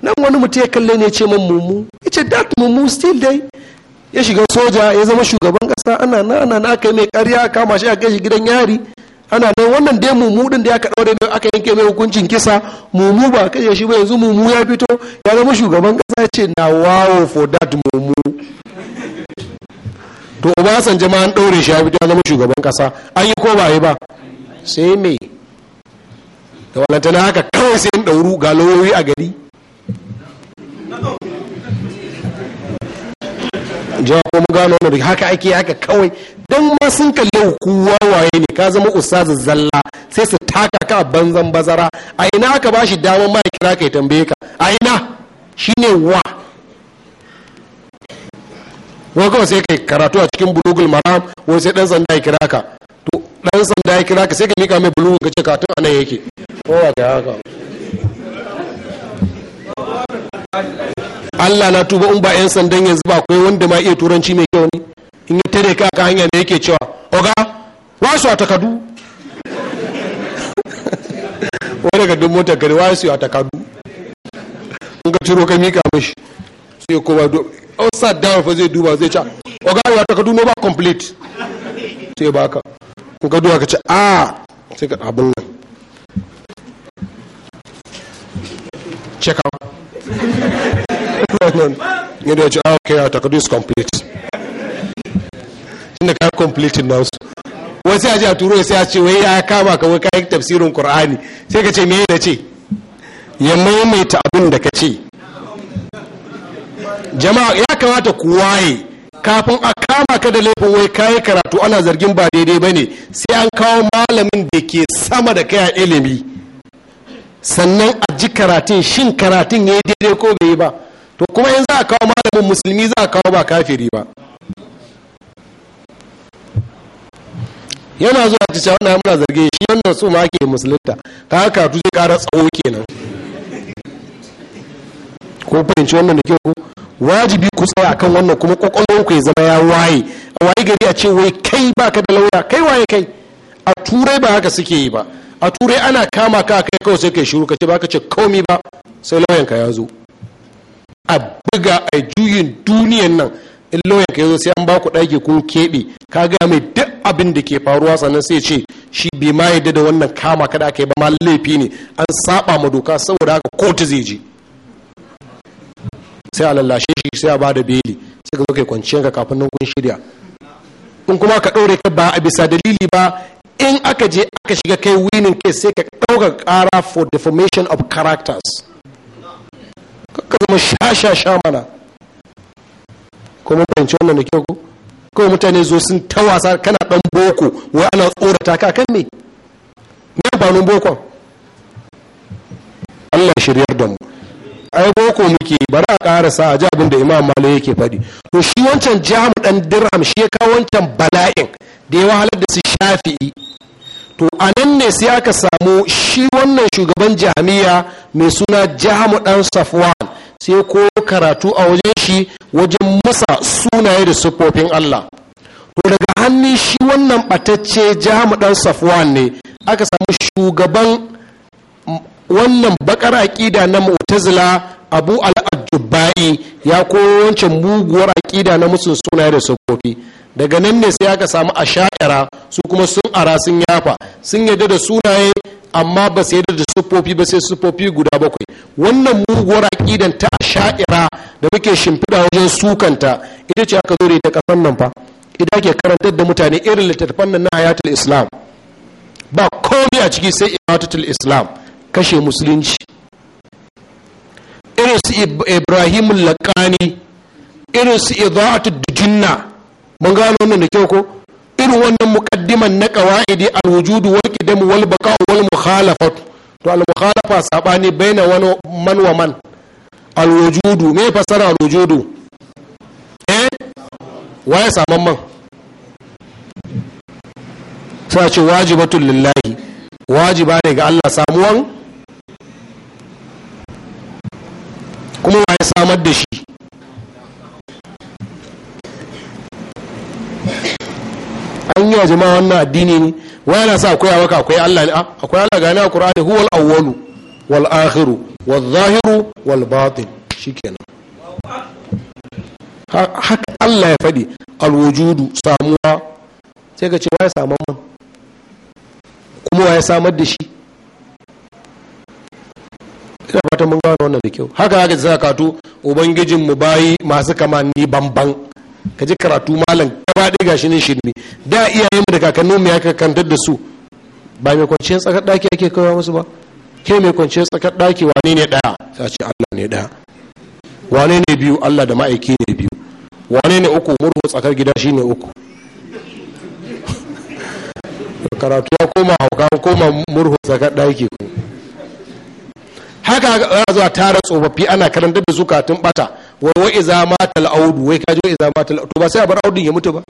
nan wani mutum ya kalle ne ce man mummu ya ce dat mummu still dai ya shiga soja ya zama shugaban kasa ana na ana na aka yi mai karya kama shi kai shi gidan yari ana nan wannan dai mumu din da aka daure mai aka yanke mai hukuncin kisa mumu ba kai shi ba yanzu mumu ya fito ya zama shugaban kasa ya ce na wawo for that mumu to san jama'an ɗaure shi ya fito ya zama shugaban kasa an yi ko ba yi ba sai me da walantana haka kawai sai yin ɗauru ga lauyoyi a gari jawa ko gano wani haka ake haka kawai don ma sun kalli hukuma waye ne ka zama ustazu zalla sai su taka ka banzan bazara a ina aka ba shi damar ma kira ka tambaye ka a ina shi ne wa wani kawai sai kai karatu a cikin bulugul maram wani sai dan sanda ya kira ka dan sanda ya kira ka sai ka mika mai bulu ka ce katon anan yake kowa ga haka Allah na tuba in ba 'yan sandan yanzu ba akwai wanda ma iya turanci mai kyau ne in ya tare ka ka hanya ne yake cewa oga wasu a takadu wani ga dun motar gari wasu a takadu in ka ciro ka mika mashi sai ba koma outside dawa fa zai duba zai ca oga ya takadu no ba complete sai baka ku ka duwa ka ce a sai ka abin nan check out yadda ya ce a ah, okay a takardu is complete inda ka complete na su Wasu a ji a turo sai a ce wai ya kama ka wai kayan tafsirin qur'ani sai ka ce me da ce ya maimaita abin da ka ce jama'a ya kamata ku waye kafin a kama ka da laifin wai kayi karatu ana zargin ba daidai ba ne sai an kawo malamin da ke sama da kai a ilimi sannan a ji karatun shin karatun ya yi daidai ko bai yi ba to kuma in za a kawo malamin musulmi za a kawo ba kafiri ba yana zuwa ci cewa wannan muna zargin shi wannan su ma ke musulunta ta haka tu zai kara tsawo kenan ko fahimci wannan da kyau wajibi ku tsaya akan wannan kuma kwakwalwar ku ya zama ya waye a waye gari a ce wai kai ba ka da lauya kai waye kai a turai ba haka suke yi ba a turai ana kama ka kai kawai sai kai shiru ka ce ba ka ce komi ba sai lauyan ka ya zo a buga a juyin duniyan nan in lauyan ka ya zo sai an baku ɗage kun keɓe ka ga mai duk abin da ke faruwa sannan sai ce shi bai ma yadda da wannan kama kada aka yi ba ma laifi ne an saba ma doka saboda haka kotu zai je sai a lallashe shi sai a ba da beli sai ka zo kai kwanciyar ka kafin nan kun shirya in kuma ka ɗaure ka ba a bisa dalili ba in aka je aka shiga kai winning case sai ka ɗauka ƙara for deformation of characters ka zama sha-sha-sha mana kuma fahimci wannan da kyau ko kawai mutane zo sun ta wasa kana ɗan boko wai ana tsorata ka kan me me amfanin bokon Allah shiryar da mu ai boko muke bari a karasa a ji abin da imam malik yake faɗi to shi wancan jamu dan dirham shi ya kawo wancan bala'in da ya wahalar da su shafi'i to a nan ne sai aka samu shi wannan shugaban jami'a mai suna jamu dan safwan sai ko karatu a wajen shi wajen masa sunaye da siffofin allah to daga hannun shi wannan batacce jamu dan safwan ne aka samu shugaban wannan bakar aƙida na mu'tazila abu al al'ajubai ya koyo wancan muguwar aƙida na musun sunaye da sokofi daga nan ne sai aka samu asha'ira su kuma sun ara sun yafa sun yadda da sunaye amma ba su yadda da sufofi ba sai sufofi guda bakwai wannan muguwar aƙidan ta asha'ira da muke shimfiɗa wajen sukanta ita ce aka zo da ita ƙasar nan fa ita ke karantar da mutane irin littattafan nan na hayatul islam ba komai a ciki sai imatatul islam kashe musulunci irin su ibrahim laƙani irin su idza'atu dujinna mun gano wannan da kyau ko irin wannan mukaddiman na qawaidi alwujudu wal qidamu wal baqa wal mukhalafat to al mukhalafa sabani baina wani man wa man alwujudu me fasara alwujudu eh waye saman man sai ce wajibatul lillahi wajiba ne ga Allah samuwan samar da shi an yi wa jama'a wannan addini ne wa yana sa akwai awaka akwai allah ne akwai allah gani a kurani huwal awwalu wal akhiru wal zahiru wal batin shikenan haka allah ya faɗi alwujudu samuwa sai ka ce ya saman man kuma ya samar da shi fatan mun gano wannan da kyau haka haka za katu ubangijin mu bayi masu kamanni bamban ka ji karatu malam gaba ɗaya gashi ne shirme da iyayen mu da kakannin mu ya kakantar da su ba mai kwanciyar tsakar daki ake kawo musu ba ke mai kwanciyar tsakar daki wane ne daya ta ce Allah ne daya wane ne biyu Allah da ma'aiki ne biyu wane ne uku murhu tsakar gida shi ne uku karatu ya koma hauka koma murhu tsakar daki. ku haka za a zuwa tara tsofaffi ana karantar da su katin bata wai wa iza mata audu wai kaji wa iza mata audu ba sai a bar audun ya mutu ba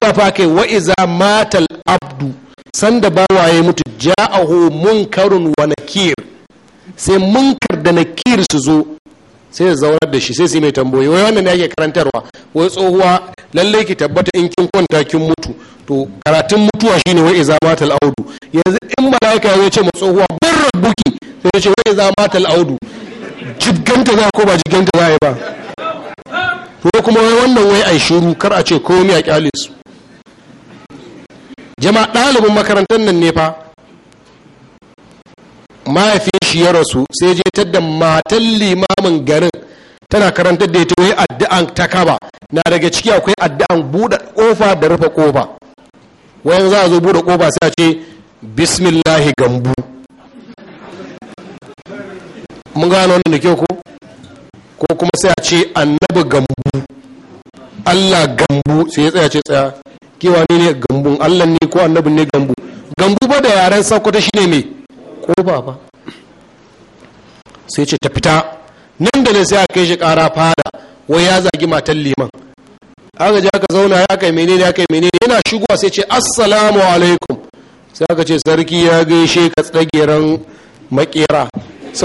cewa fa kai wa iza mata abdu sanda wa ya mutu ja'ahu munkarun wa nakir sai munkar da nakir su zo sai zaunar da shi sai su mai tambayoyi wai wannan ne ake karantarwa wai tsohuwa lallai ki tabbata in kin kwanta kin mutu to karatun mutuwa shine wai iza audu yanzu in malaika ya ce ma tsohuwa bar rabbuki sai ya ce wai iza audu jiganta za ko ba jiganta za ba to kuma wai wannan wai ai shiru kar a ce komai a kyale su jama'a ɗalibin makarantar nan ne fa mahaifi shi ya rasu sai je da matan limamin garin tana karanta da ita wai addu'an takaba na daga ciki akwai addu'an buɗe ƙofa da rufe ƙofa wayan za a zo buɗe ƙofa sai a ce bismillahi gambu mun gano wannan da kyau ko ko kuma sai a ce annabi gambu allah gambu sai ya tsaya ce tsaya kewa ne ne gambun allah ne ko annabin ne gambu gambu ba da yaren sakwata shine mai ƙofa ba sai ce ta fita nan da sai aka kai shi ƙara fada wai ya zagi matan liman aka je aka zauna ya kai menene ya kai menene yana shigowa sai ce assalamu alaikum sai aka ce sarki ya gaishe ka tsageren makera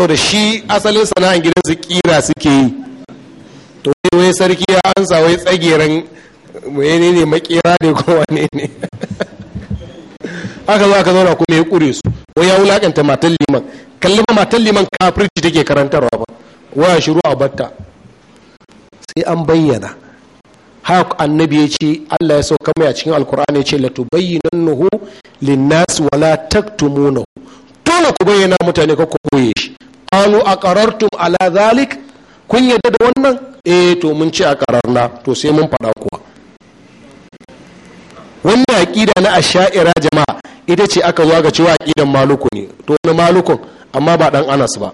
da shi asalin sana'an gidan su kira suke yi to wai sarki ya ansa wai tsageren menene makera ne ko wane ne aka zo aka zauna kuma ya kure su wai ya wulakanta matan liman kalli ba matan liman kafirci take karantarwa ba waya shiru a batta sai an bayyana haka annabi ya ce Allah ya sauka mai a cikin alkur'ani ya ce la tu nuhu linnas wala taktumunahu dole ku bayyana mutane ka ku koye shi qalu aqarartum ala zalik kun yadda da wannan e to mun ce a kararna to sai mun faɗa kuwa wannan aqida na asha'ira jama'a ita ce aka zo ga cewa wa aqidan ne to wani malukun amma ba dan anas ba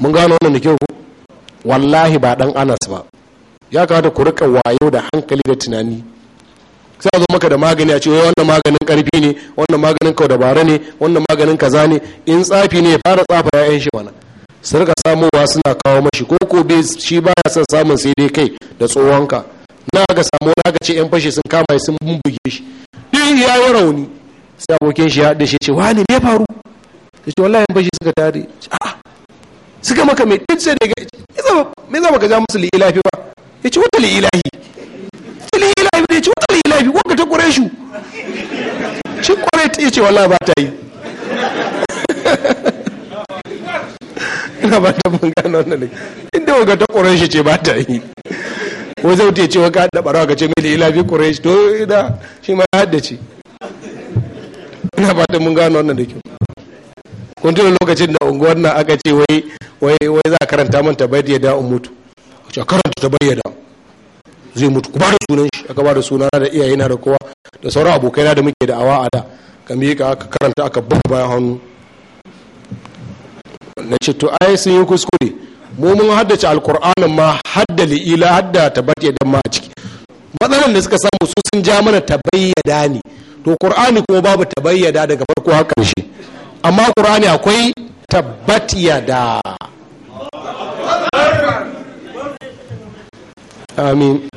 mun gano wannan da kyau wallahi ba dan anas ba ya kamata ku rika wayo da hankali da tunani sai a zo maka da magani a ce wannan maganin karfi ne wannan maganin kau dabara ne wannan maganin kaza ne in tsafi ne ya fara tsafa ya'yan shi mana su rika samowa suna kawo mashi ko ko bai shi baya son samun sai dai kai da tsohonka na ga samu na ga ce yan fashe sun kama sun bugi shi duk ya yi rauni sai abokin shi ya haɗe shi ce wani me faru ka ce wallahi bashi suka tare a ah, suka maka mai duk sai ga me za ka ja musu li'ilafi ba ya ce wata li'ilahi ta li'ilafi ne ya ce wata li'ilafi ka ta kure shu shi kwarai ta ce wallahi ba ta yi ina ba ta mun gano wannan ne inda ga ta kure shi ce ba ta yi ko zai wuce cewa ka da barawa ka ce mai li'ilafi kure shi to ina shi ma haddace ina ba ta mun gano wannan da kyau kun tuna lokacin da unguwar nan aka ce wai wai za a karanta man ta bayyada un mutu A ce karanta ta bayyada zai mutu ku ba da sunan shi aka ba da suna da iyaye na da kowa da sauran na da muke da awa a da ka miƙa aka karanta aka buga bayan hannu na ce to ai sun yi kuskure mu mun haddace alkur'anin ma hadda li'ila hadda ta bayyada ma a ciki matsalar da suka samu su sun ja mana ta bayyada ne to qur'ani kuma babu ta bayyada daga farko har shi? amma ƙur'ani akwai tabbat da. amin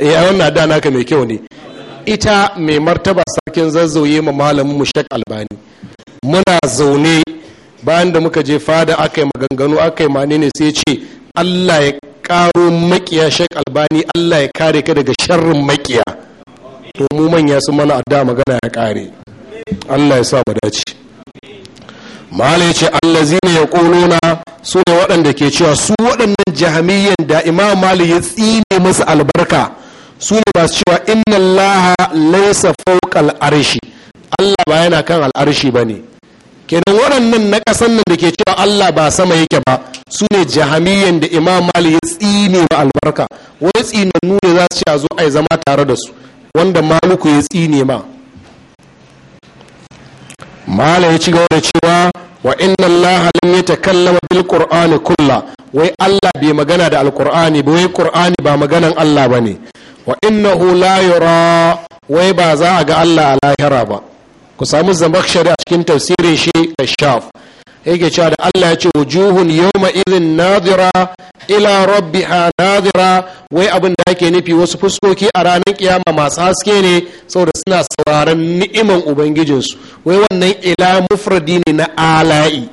yawon na da naka mai kyau ne ita mai martaba sarkin zazzauye ma malamin mu albani muna zaune bayan da muka je fada aka yi maganganu aka yi mane ne sai ce allah ya karo makiya shek albani allah ya kare ka daga sharrin makiya to mu manya su mana adda magana ya kare allah ya sa mu dace mala ya ce allazina ya ƙonona su ne waɗanda ke cewa su waɗannan jahamiyyan da imam Malai ya tsine musu albarka su ne masu cewa inna allaha laisa fawqa al'arshi allah ba yana kan al'arshi ba ne kenan waɗannan na ƙasan nan da ke cewa allah ba sama yake ba su ne jahamiyyan da imam mali ya tsine ma albarka wani tsinannu ne za su ce a zo a zama tare da su wanda maluku ya tsine ma mala ya ci gaba da cewa wa inna allaha lam yatakallama bil qur'ani kulla wai allah bai magana da alqur'ani ba wai qur'ani ba maganan allah bane wa innahu la yura wai ba za a ga allah a lahira ba ku samu a cikin tafsirin shi kashaf yake cewa da Allah ya ce wujuhun yawma idhin nadira ila rabbiha nadira wai abin da ake nufi wasu fuskoki a ranar kiyama masu haske ne saboda suna sauraron ni'iman ubangijinsu wai wannan ila mufradi ne na ala'i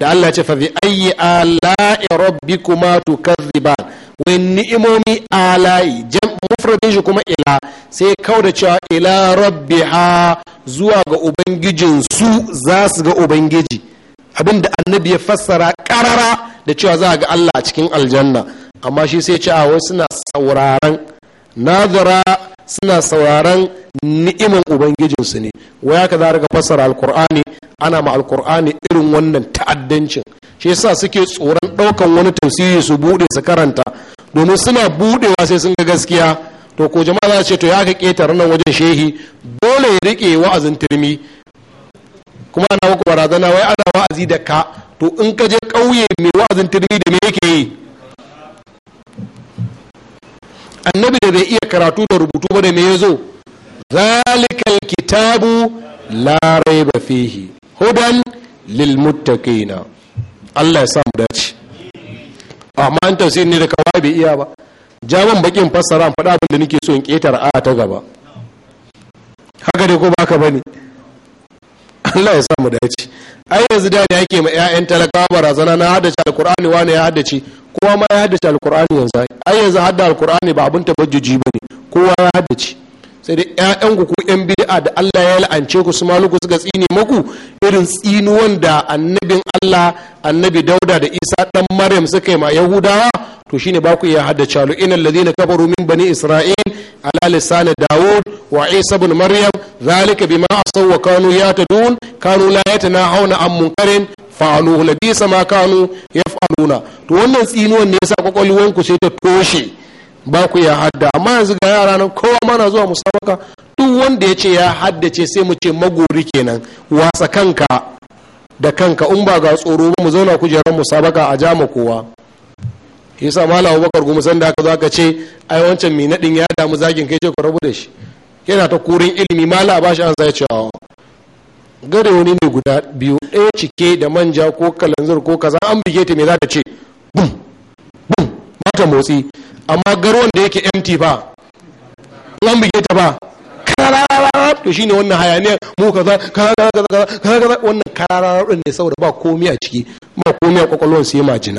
da Allah ya ce fa bi ayyi ala'i rabbikuma tukazziban wai ni'imomi alayi mufradin shi kuma ila sai kau da cewa ila ha zuwa ga ubangijin su za su ga ubangiji Abinda annabi ya fassara karara da cewa za ga Allah a cikin aljanna amma shi sai cewa a suna sauraron nazara suna sauraron ni'iman ubangijinsu ne waya ka za daga fassara alkur'ani ana ma alkur'ani irin wannan ta'addancin shi yasa suke tsoron ɗaukan wani tafsiri su buɗe su karanta domin suna budewa sai sun ga gaskiya to ko jama'a za ce to ya ka ketare nan wajen shehi dole ya rike wa'azin turmi kuma ana muku barazana wai ana wa'azi da ka to in ka je ƙauye mai wa'azin turmi da me yake yi annabi da bai iya karatu da rubutu ba da me ya zo zalikal kitabu larai raiba fihi hudan lil muttaqina Allah ya sa dace amma an tafsiri ne da kawai bai iya ba jaman bakin fassara faɗa abin da nake so in ƙetare a ta gaba haka dai ko baka bane Allah ya samu dace ai yanzu da ne ake ma ƴaƴan talakawa barazana na haddace alkur'ani wani ya haddace kowa ma ya haddace alkur'ani yanzu ai yanzu hadda alkur'ani ba abin tabajjuji bane kowa ya haddace sai dai ƴaƴanku ku ko ƴan bid'a da Allah ya la'ance ku su lokacin suka tsine maku irin tsinuwan da annabin Allah annabi Dauda da Isa dan Maryam suka yi ma Yahudawa to shine ba ku iya haddace lu inal ladina kafaru min bani isra'il ala lisan daud wa isa ibn maryam zalika bima asaw wa kanu yatadun kanu la hauna an munkarin fa'aluhu labisa ma kanu yaf'aluna to wannan tsinuwan ne sa kwakwalwanku sai ta toshe ba ku ya hadda amma yanzu ga yara nan kowa mana zuwa musabaka duk wanda ya ce ya haddace sai mu ce magori kenan wasa kanka da kanka in ba ga tsoro mu zauna kujerar musabaka a jama kowa yasa malam abubakar gumu san da aka ce ai wancan mai nadin ya damu zagin kai ce ku rabu da shi yana ta kurin ilimi mala ba shi an zai cewa gare wani ne guda biyu ɗaya cike da manja ko kalanzir ko kaza an bige ta me za ta ce bum ta motsi amma garwan da yake mt ba an buge ta ba to shine wannan hayaniya mu kaza kaza kaza wannan ne saboda ba komai a ciki ba komai a kwakwalwar sai majina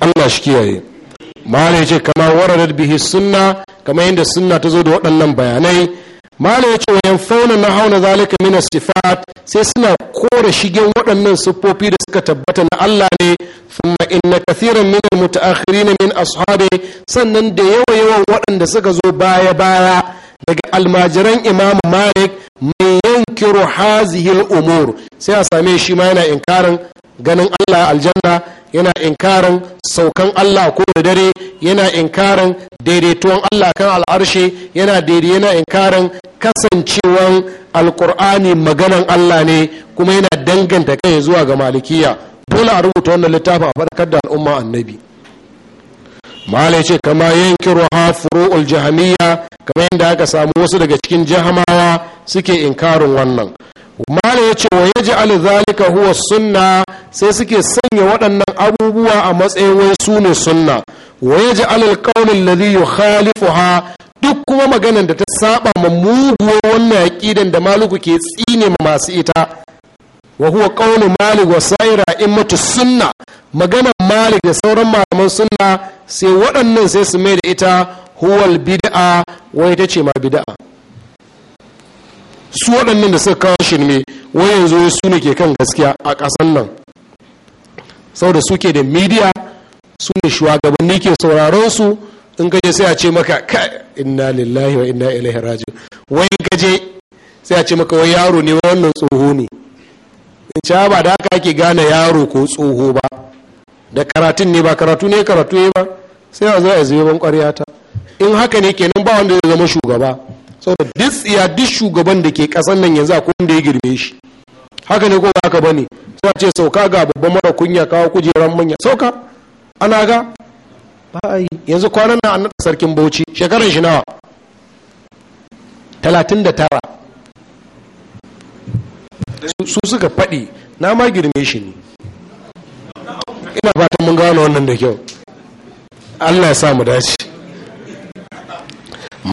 Allah shi kiyaye mala ce kama waradar bihi sunna kamar yadda sunna ta zo da waɗannan bayanai malam ya ce wa yan fauna na hauna zalika min sifat sai suna kore shigen waɗannan siffofi da suka tabbata na Allah ne thumma inna kathiran min almutaakhirin min ashabi sannan da yawa yawan waɗanda suka zo baya baya daga almajiran imam malik mai yankiru hazihi umur sai a same shi ma yana inkarin ganin Allah aljanna yana inkarin saukan Allah ko da dare yana inkarin daidaituwan Allah kan al'arshe yana daidai yana inkarin kasancewan alkur'ani maganan Allah ne kuma yana danganta kai zuwa ga malikiya dole a rubuta wannan littafin a farkar da al'umma annabi malai ce kama yankin ruha furu'ul jahamiyya kamar yadda aka samu wasu daga cikin jahamawa suke inkarin wannan umar ya ce wa ya ji alizalika huwa sunna sai suke sanya waɗannan abubuwa a matsayin wai su ne sunna wa ya ji yaji ya ladhi ha duk kuma maganan da ta saba ma muguwa wannan ƙidan da maluku ke tsine ma masu ita wa huwa ƙaunin malik wa sa'ira mutu sunna maganar malik da sauran malaman sunna sai waɗannan sai su mai da ita huwal bid'a wai ta ce ma bid'a su waɗannan da suka kawo shirme wai yanzu su ne ke kan gaskiya a ƙasan nan saboda suke da midiya su ne shugabanni ke sauraron su in gaje sai a ce maka kai inna lillahi wa inna ilaihi raji'un wai gaje sai a ce maka wai yaro ne wannan tsoho ne in ci ba da haka ake gane yaro ko tsoho ba da karatun ne ba karatu ne karatu ne ba sai a zo a zai ban ƙwarya ta in haka ne kenan ba wanda zai zama shugaba saboda duk tsiya duk shugaban da ke kasan nan yanzu akwai wanda ya girme shi haka ne ko ba haka bane sai ce sauka ga babban mara kunya kawo kujeran manya sauka ana ga ba a yi yanzu kwanan nan an naɗa sarkin bauchi shekaran shi nawa talatin da tara su suka faɗi na ma girme shi ne ina fatan mun gano wannan da kyau allah ya sa mu dace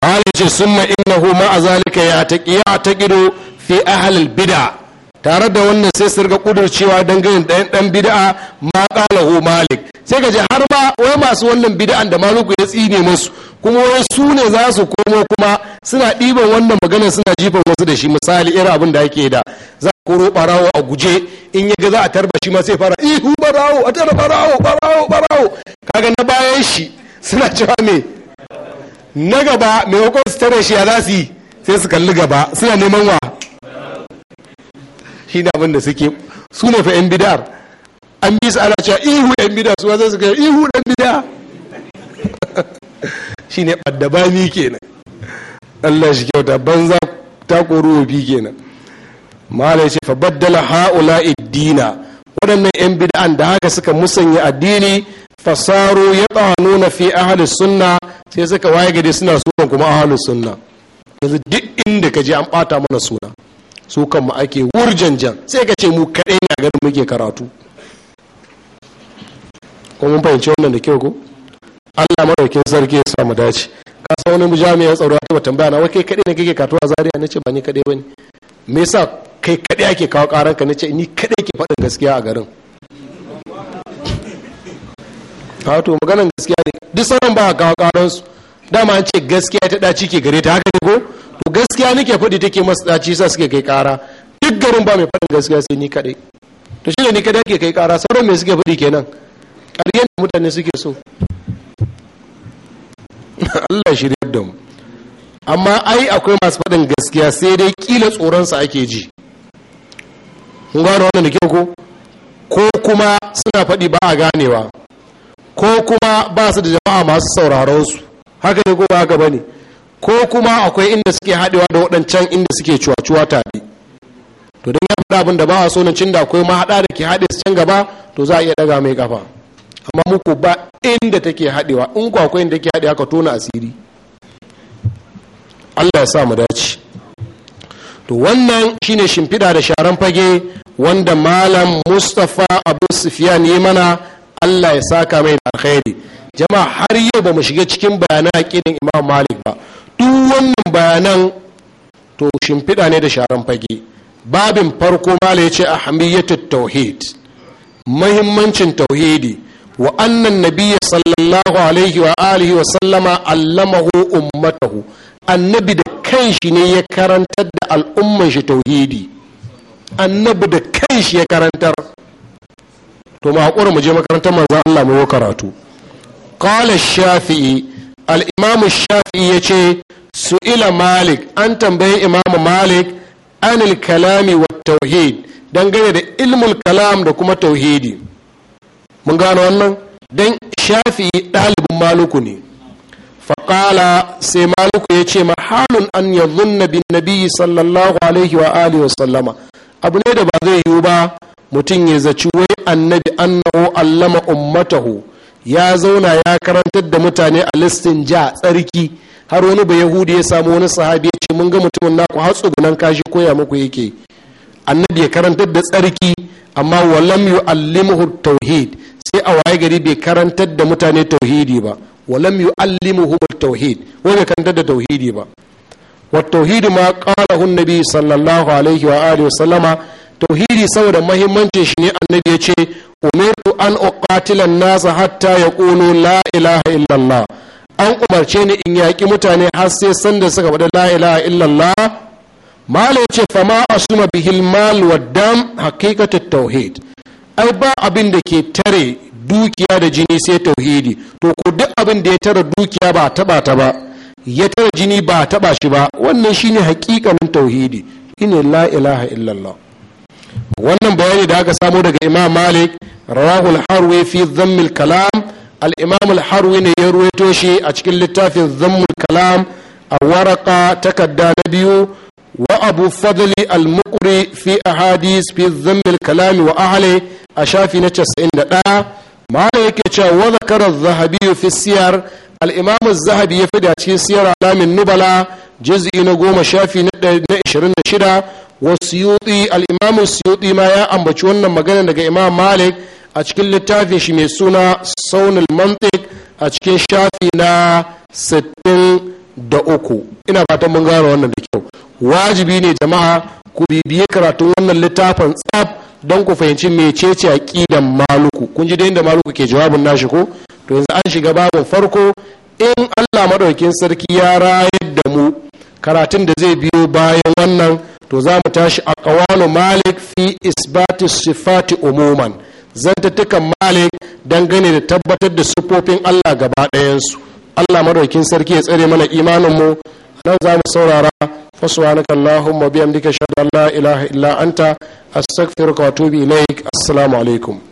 malin ce sunna innahu ma a zalika ya ta ya ta gido fi ahalil bid'a tare da wannan sai su kudur dan dangane ɗayan ɗan bid'a ma qalahu malik sai ka ji har ma wai masu wannan bid'an da maluku ya tsine musu kuma wai su ne za su komo kuma suna ɗiban wannan magana suna jifan wasu da shi misali irin abin da ake da za ku ro ɓarawo a guje in ya ga za a tarba shi ma sai fara ihu barawo a tarba ɓarawo barawo barawo kaga na bayan shi suna cewa me na gaba mai hukun su tare shi ya za su yi sai su kalli gaba suna neman wa shi na abinda da suke su ne fa 'yan bidar an bi su ala cewa ihu 'yan bidar su wazan su ga ihu dan bidar shi ne ɓaddabami kenan allah shi kyauta banza ta koru bi kenan malai ce fa baddala ha'ula iddina waɗannan 'yan bid'ar da haka suka musanya addini fasaru ya nuna fi ahli sunna sai suka waye gari suna sunan kuma ahli sunna yanzu duk inda ka je an bata mana suna su kan mu ake jan sai ka ce mu kaɗai ne a garin muke karatu ko mun fahimci wannan da kyau ko Allah maraukin sarki ya sa dace ka sa wani jami'an tsaro ta tambaya na wai kai kaɗai ne kake katuwa a na ce ba ni kaɗai ba ne me yasa kai kaɗai ake kawo karanka ce ni kaɗai ke faɗin gaskiya a garin Fato ah, maganan gaskiya ne duk sauran ba a kawo karansu dama an ce gaskiya ta daci ke gare ta haka ne ko to gaskiya nake faɗi take masu daci sa suke kai kara duk garin ba mai faɗin gaskiya sai ni kaɗai to shi ne ni kaɗai ke kai kara sauran me suke faɗi kenan ƙaryen da mutane suke so Allah shi da mu amma ai akwai masu faɗin gaskiya sai dai kila tsoronsa ake ji kun gano wannan da kyau ko ko kuma suna faɗi ba a ganewa ko kuma ba su da jama'a masu sauraron su haka ne ko ba haka bane ko kuma akwai inda suke haɗewa da waɗancan inda suke cuwa-cuwa tare to don ya faɗa abin da ba a so na cin da akwai mahaɗa da ke haɗe su can gaba to za a iya ɗaga mai kafa amma muku ba inda take haɗewa in ku akwai inda take haɗewa ka tona asiri allah ya sa mu dace to wannan shine shimfiɗa da sharan fage wanda malam mustapha abu sufiya ne mana Allah ya saka mai da alkhairi jama'a har yau ba mu shiga cikin bayanan aqidan Imam Malik ba duk wannan bayanan to shimfiɗa ne da sharan fage babin farko mala yace ahmiyatu tauhid muhimmancin tauhidi wa annan nabiyya sallallahu alaihi wa alihi wa sallama allamahu ummatahu annabi da kanshi ne ya karantar da al'umman shi tauhidi annabi da kanshi ya karantar to mu haƙura mu je makarantar manzo Allah mu karatu qala shafi'i al-imam shafi'i yace Ila malik an tambayi imam malik anil kalami wa tauhid dangane da ilmul kalam da kuma tauhidi mun gano wannan dan shafi'i ɗalibin maluku ne faƙala sai maluku ya ce mahalun an yanzu bin nabi sallallahu alaihi wa alihi sallama, abu ne da ba zai yiwu ba mutum ya zaci wai annabi annahu allama ummatahu ya zauna ya karantar da mutane a listin ja tsarki har wani ba yahudi ya samu wani sahabi ya ce mun ga mutumin naku har tsugunan kashi koya muku yake annabi ya karantar da tsarki amma walam allimuhu tauhid sai a waye gari bai karantar da mutane tauhidi ba walam allimuhu tauhid wai bai karantar da tauhidi ba wa tauhidi ma qalahu annabi sallallahu alaihi wa alihi wa sallama tauhidi saboda mahimmancin shi ne annabi ya ce umirtu an uqatilan nasa hatta yaqulu la ilaha illallah an umarce ni in yaki mutane har sai san da suka bada la ilaha illallah malai ce fama asuma bihil mal wa dam hakikatar tauhid ai ba abin da ke tare dukiya da jini sai tauhidi to ko duk abin da ya tare dukiya ba taba ta ba ya tare jini ba taba shi ba wannan shine haƙiƙanin tauhidi ine la ilaha illallah wannan bayani da aka samo daga imam malik rahul harwi fi zammil kalam al-imam al-harwi ne ya ruwaito shi a cikin littafin zammul kalam a waraka takarda na biyu wa abu fadli al-muqri fi ahadis fi zammil kalam wa ahli a shafi na 91 Malik yake cewa wa zakara zahabi fi siyar al-imam zahabi ya fida cikin siyar alamin nubala juz'i na goma shafi na 26 wasiyuti al’imamun imam siyuti ma ya ambaci wannan magana daga imam malik a cikin littafin shi mai suna Saunin mantik a cikin shafi na 63 ina fatan mun gano wannan da kyau wajibi ne jama'a ku bibiye karatun wannan littafin tsaf don ku fahimci mecece aqidan maluku kun ji da maluku ke jawabin nashi ko to yanzu an shiga babin farko in Allah madaukin sarki ya rayar da mu karatun da zai biyo bayan wannan to za mu tashi a kawalu malik fi isbati sifati umuman zantattukan malik dangane da tabbatar da sufofin allah gaba ɗayansu allah madaukin sarki ya tsare mana imaninmu nan za mu saurara fasuwanaka allahumma bihamdika shahadu an la ilaha illa anta astaghfiruka wa atubu ilaik assalamu alaikum